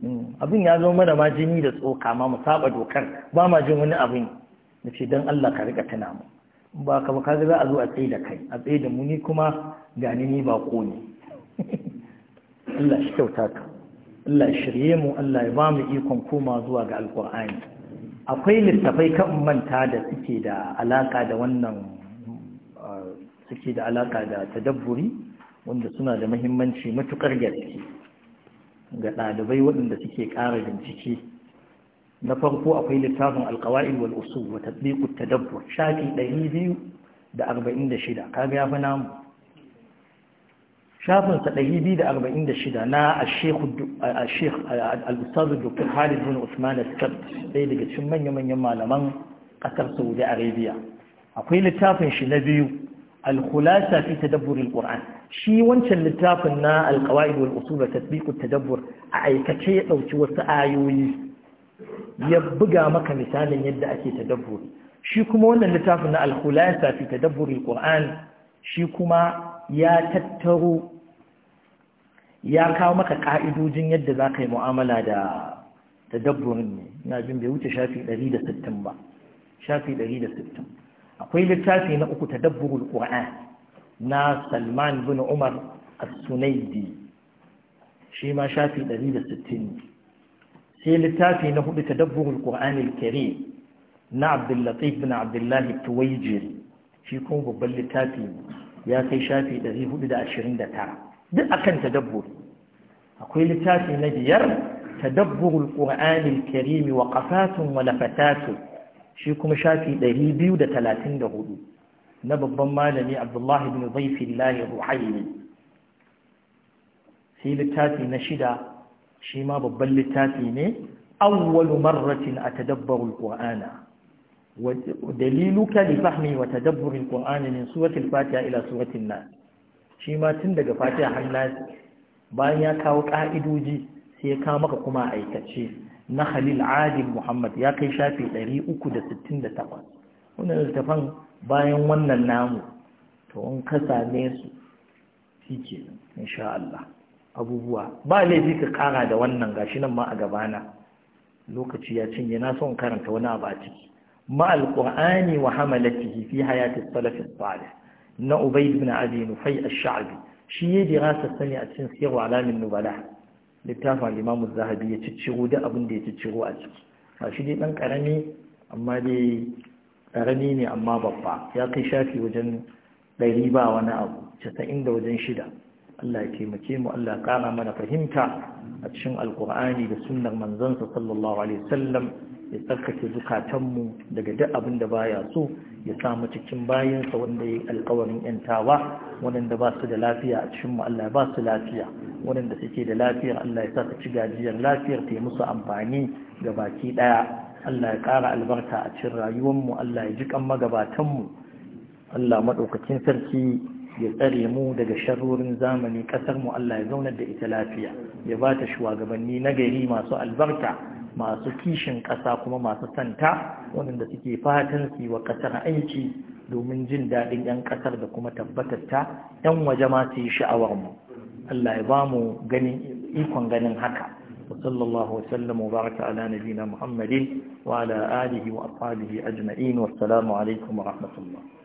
hmm. abin ya zo mana ma jini da tsoka ma mu saba dokar ba ma jin wani abin Na ce dan Allah ka rika tuna mu ba ka ba za a zo a tsaye da kai a tsaye da mu ni kuma gani ni ba ko ne [laughs] Allah shi kyauta ka Allah ya shirye mu Allah ya ba mu ikon koma zuwa ga alkur'ani akwai littafai kan manta da suke da alaka da wannan suke da alaka da tadabburi wanda suna da mahimmanci matukar gaske ga ɗalibai waɗanda suke ƙara bincike na farko akwai littafin alkawa'il wal usul wa tatbiqut tadabbur shafi 246 kaga ya fi namu shafinsa 246 na al-ustazu dr khalid bin usman askat daga cikin manya-manyan malaman ƙasar saudi arabia akwai littafin shi na biyu al fi tadabbur al shi wancan littafin na al-qawaid wal usul wa tatbiq tadabbur a aikace ya dauki wasu ayoyi ya buga maka misalin yadda ake tadabburi shi kuma wannan littafin na al-khulasa fi tadabbur al shi kuma ya tattaro ya kawo maka ka'idojin yadda za ka yi mu'amala da tadabburin ne ina jin bai wuce shafi 160 ba shafi 160 akwai littafi na uku ta tadabburul qur'an na Salman bin Umar as-Sunaidi shi ma shafi 160 sai littafi na hudu ta tadabburul qur'an al-karim na Abdul Latif bin Abdullah al-Tuwaijiri shi kuma babban littafi ya kai shafi 429 duk akan tadabbur akwai littafi na biyar tadabburul qur'anil karim wa qafatun wa lafatatu shi kuma shafi 234 na babban malami Abdullah ibn Zayfillah Ruhaili sai littafi na shida shi ma babban littafi ne awwalu marratin atadabbaru alqur'ana ودليلك لفهم وتدبر القرآن من سورة الفاتحة إلى سورة الناس shi ma tun daga fatiha nasi bayan ya kawo ƙa'idoji sai ya kawo maka kuma aikace na Khalil adil muhammad ya kai shafi 368 wannan littafan bayan wannan namu to in ka same su shi ke insha Allah abubuwa ba laifi ka kara da wannan gashi nan ma a gabana lokaci ya cinye na son karanta wani abu a ciki ma alqur'ani wa hamalatihi fi hayati salafis salih na ubaid bin abi nufai a shabi shi ya dirasa sani a cikin sirru alamin nubala littafin al-imam zahabi ya cicciro da abin da ya cicciro a ciki ba shi dai dan karami amma dai karami ne amma babba ya kai shafi wajen ɗari ba wani abu casa'in da wajen shida Allah ya taimake mu Allah ya kara mana fahimta a cikin alkur'ani da sunnar manzansa sallallahu alaihi wasallam ya tsarkake zukatanmu daga duk abin da baya so ya samu cikin bayansa wanda ya alkawarin yantawa waɗanda ba su da lafiya a cikin mu Allah ba su lafiya waɗanda suke da lafiyar Allah ya sa su ci gajiyar lafiyar ta yi musu amfani ga baki ɗaya Allah ya ƙara albarka a cikin rayuwarmu Allah ya ji kan magabatanmu Allah maɗaukakin sarki ya tsare mu daga sharorin zamani ƙasarmu Allah ya zaunar da ita lafiya ya ba ta shugabanni nagari masu albarka masu kishin ƙasa kuma masu santa waɗanda suke fatan su wa ƙasar aiki domin jin daɗin 'yan ƙasar da kuma tabbatar ta 'yan waje ma su yi sha'awar mu Allah ya ba mu ikon ganin haka وصلى ala وسلم وبارك على wa محمد وعلى آله وأصحابه Wa salamu alaikum wa الله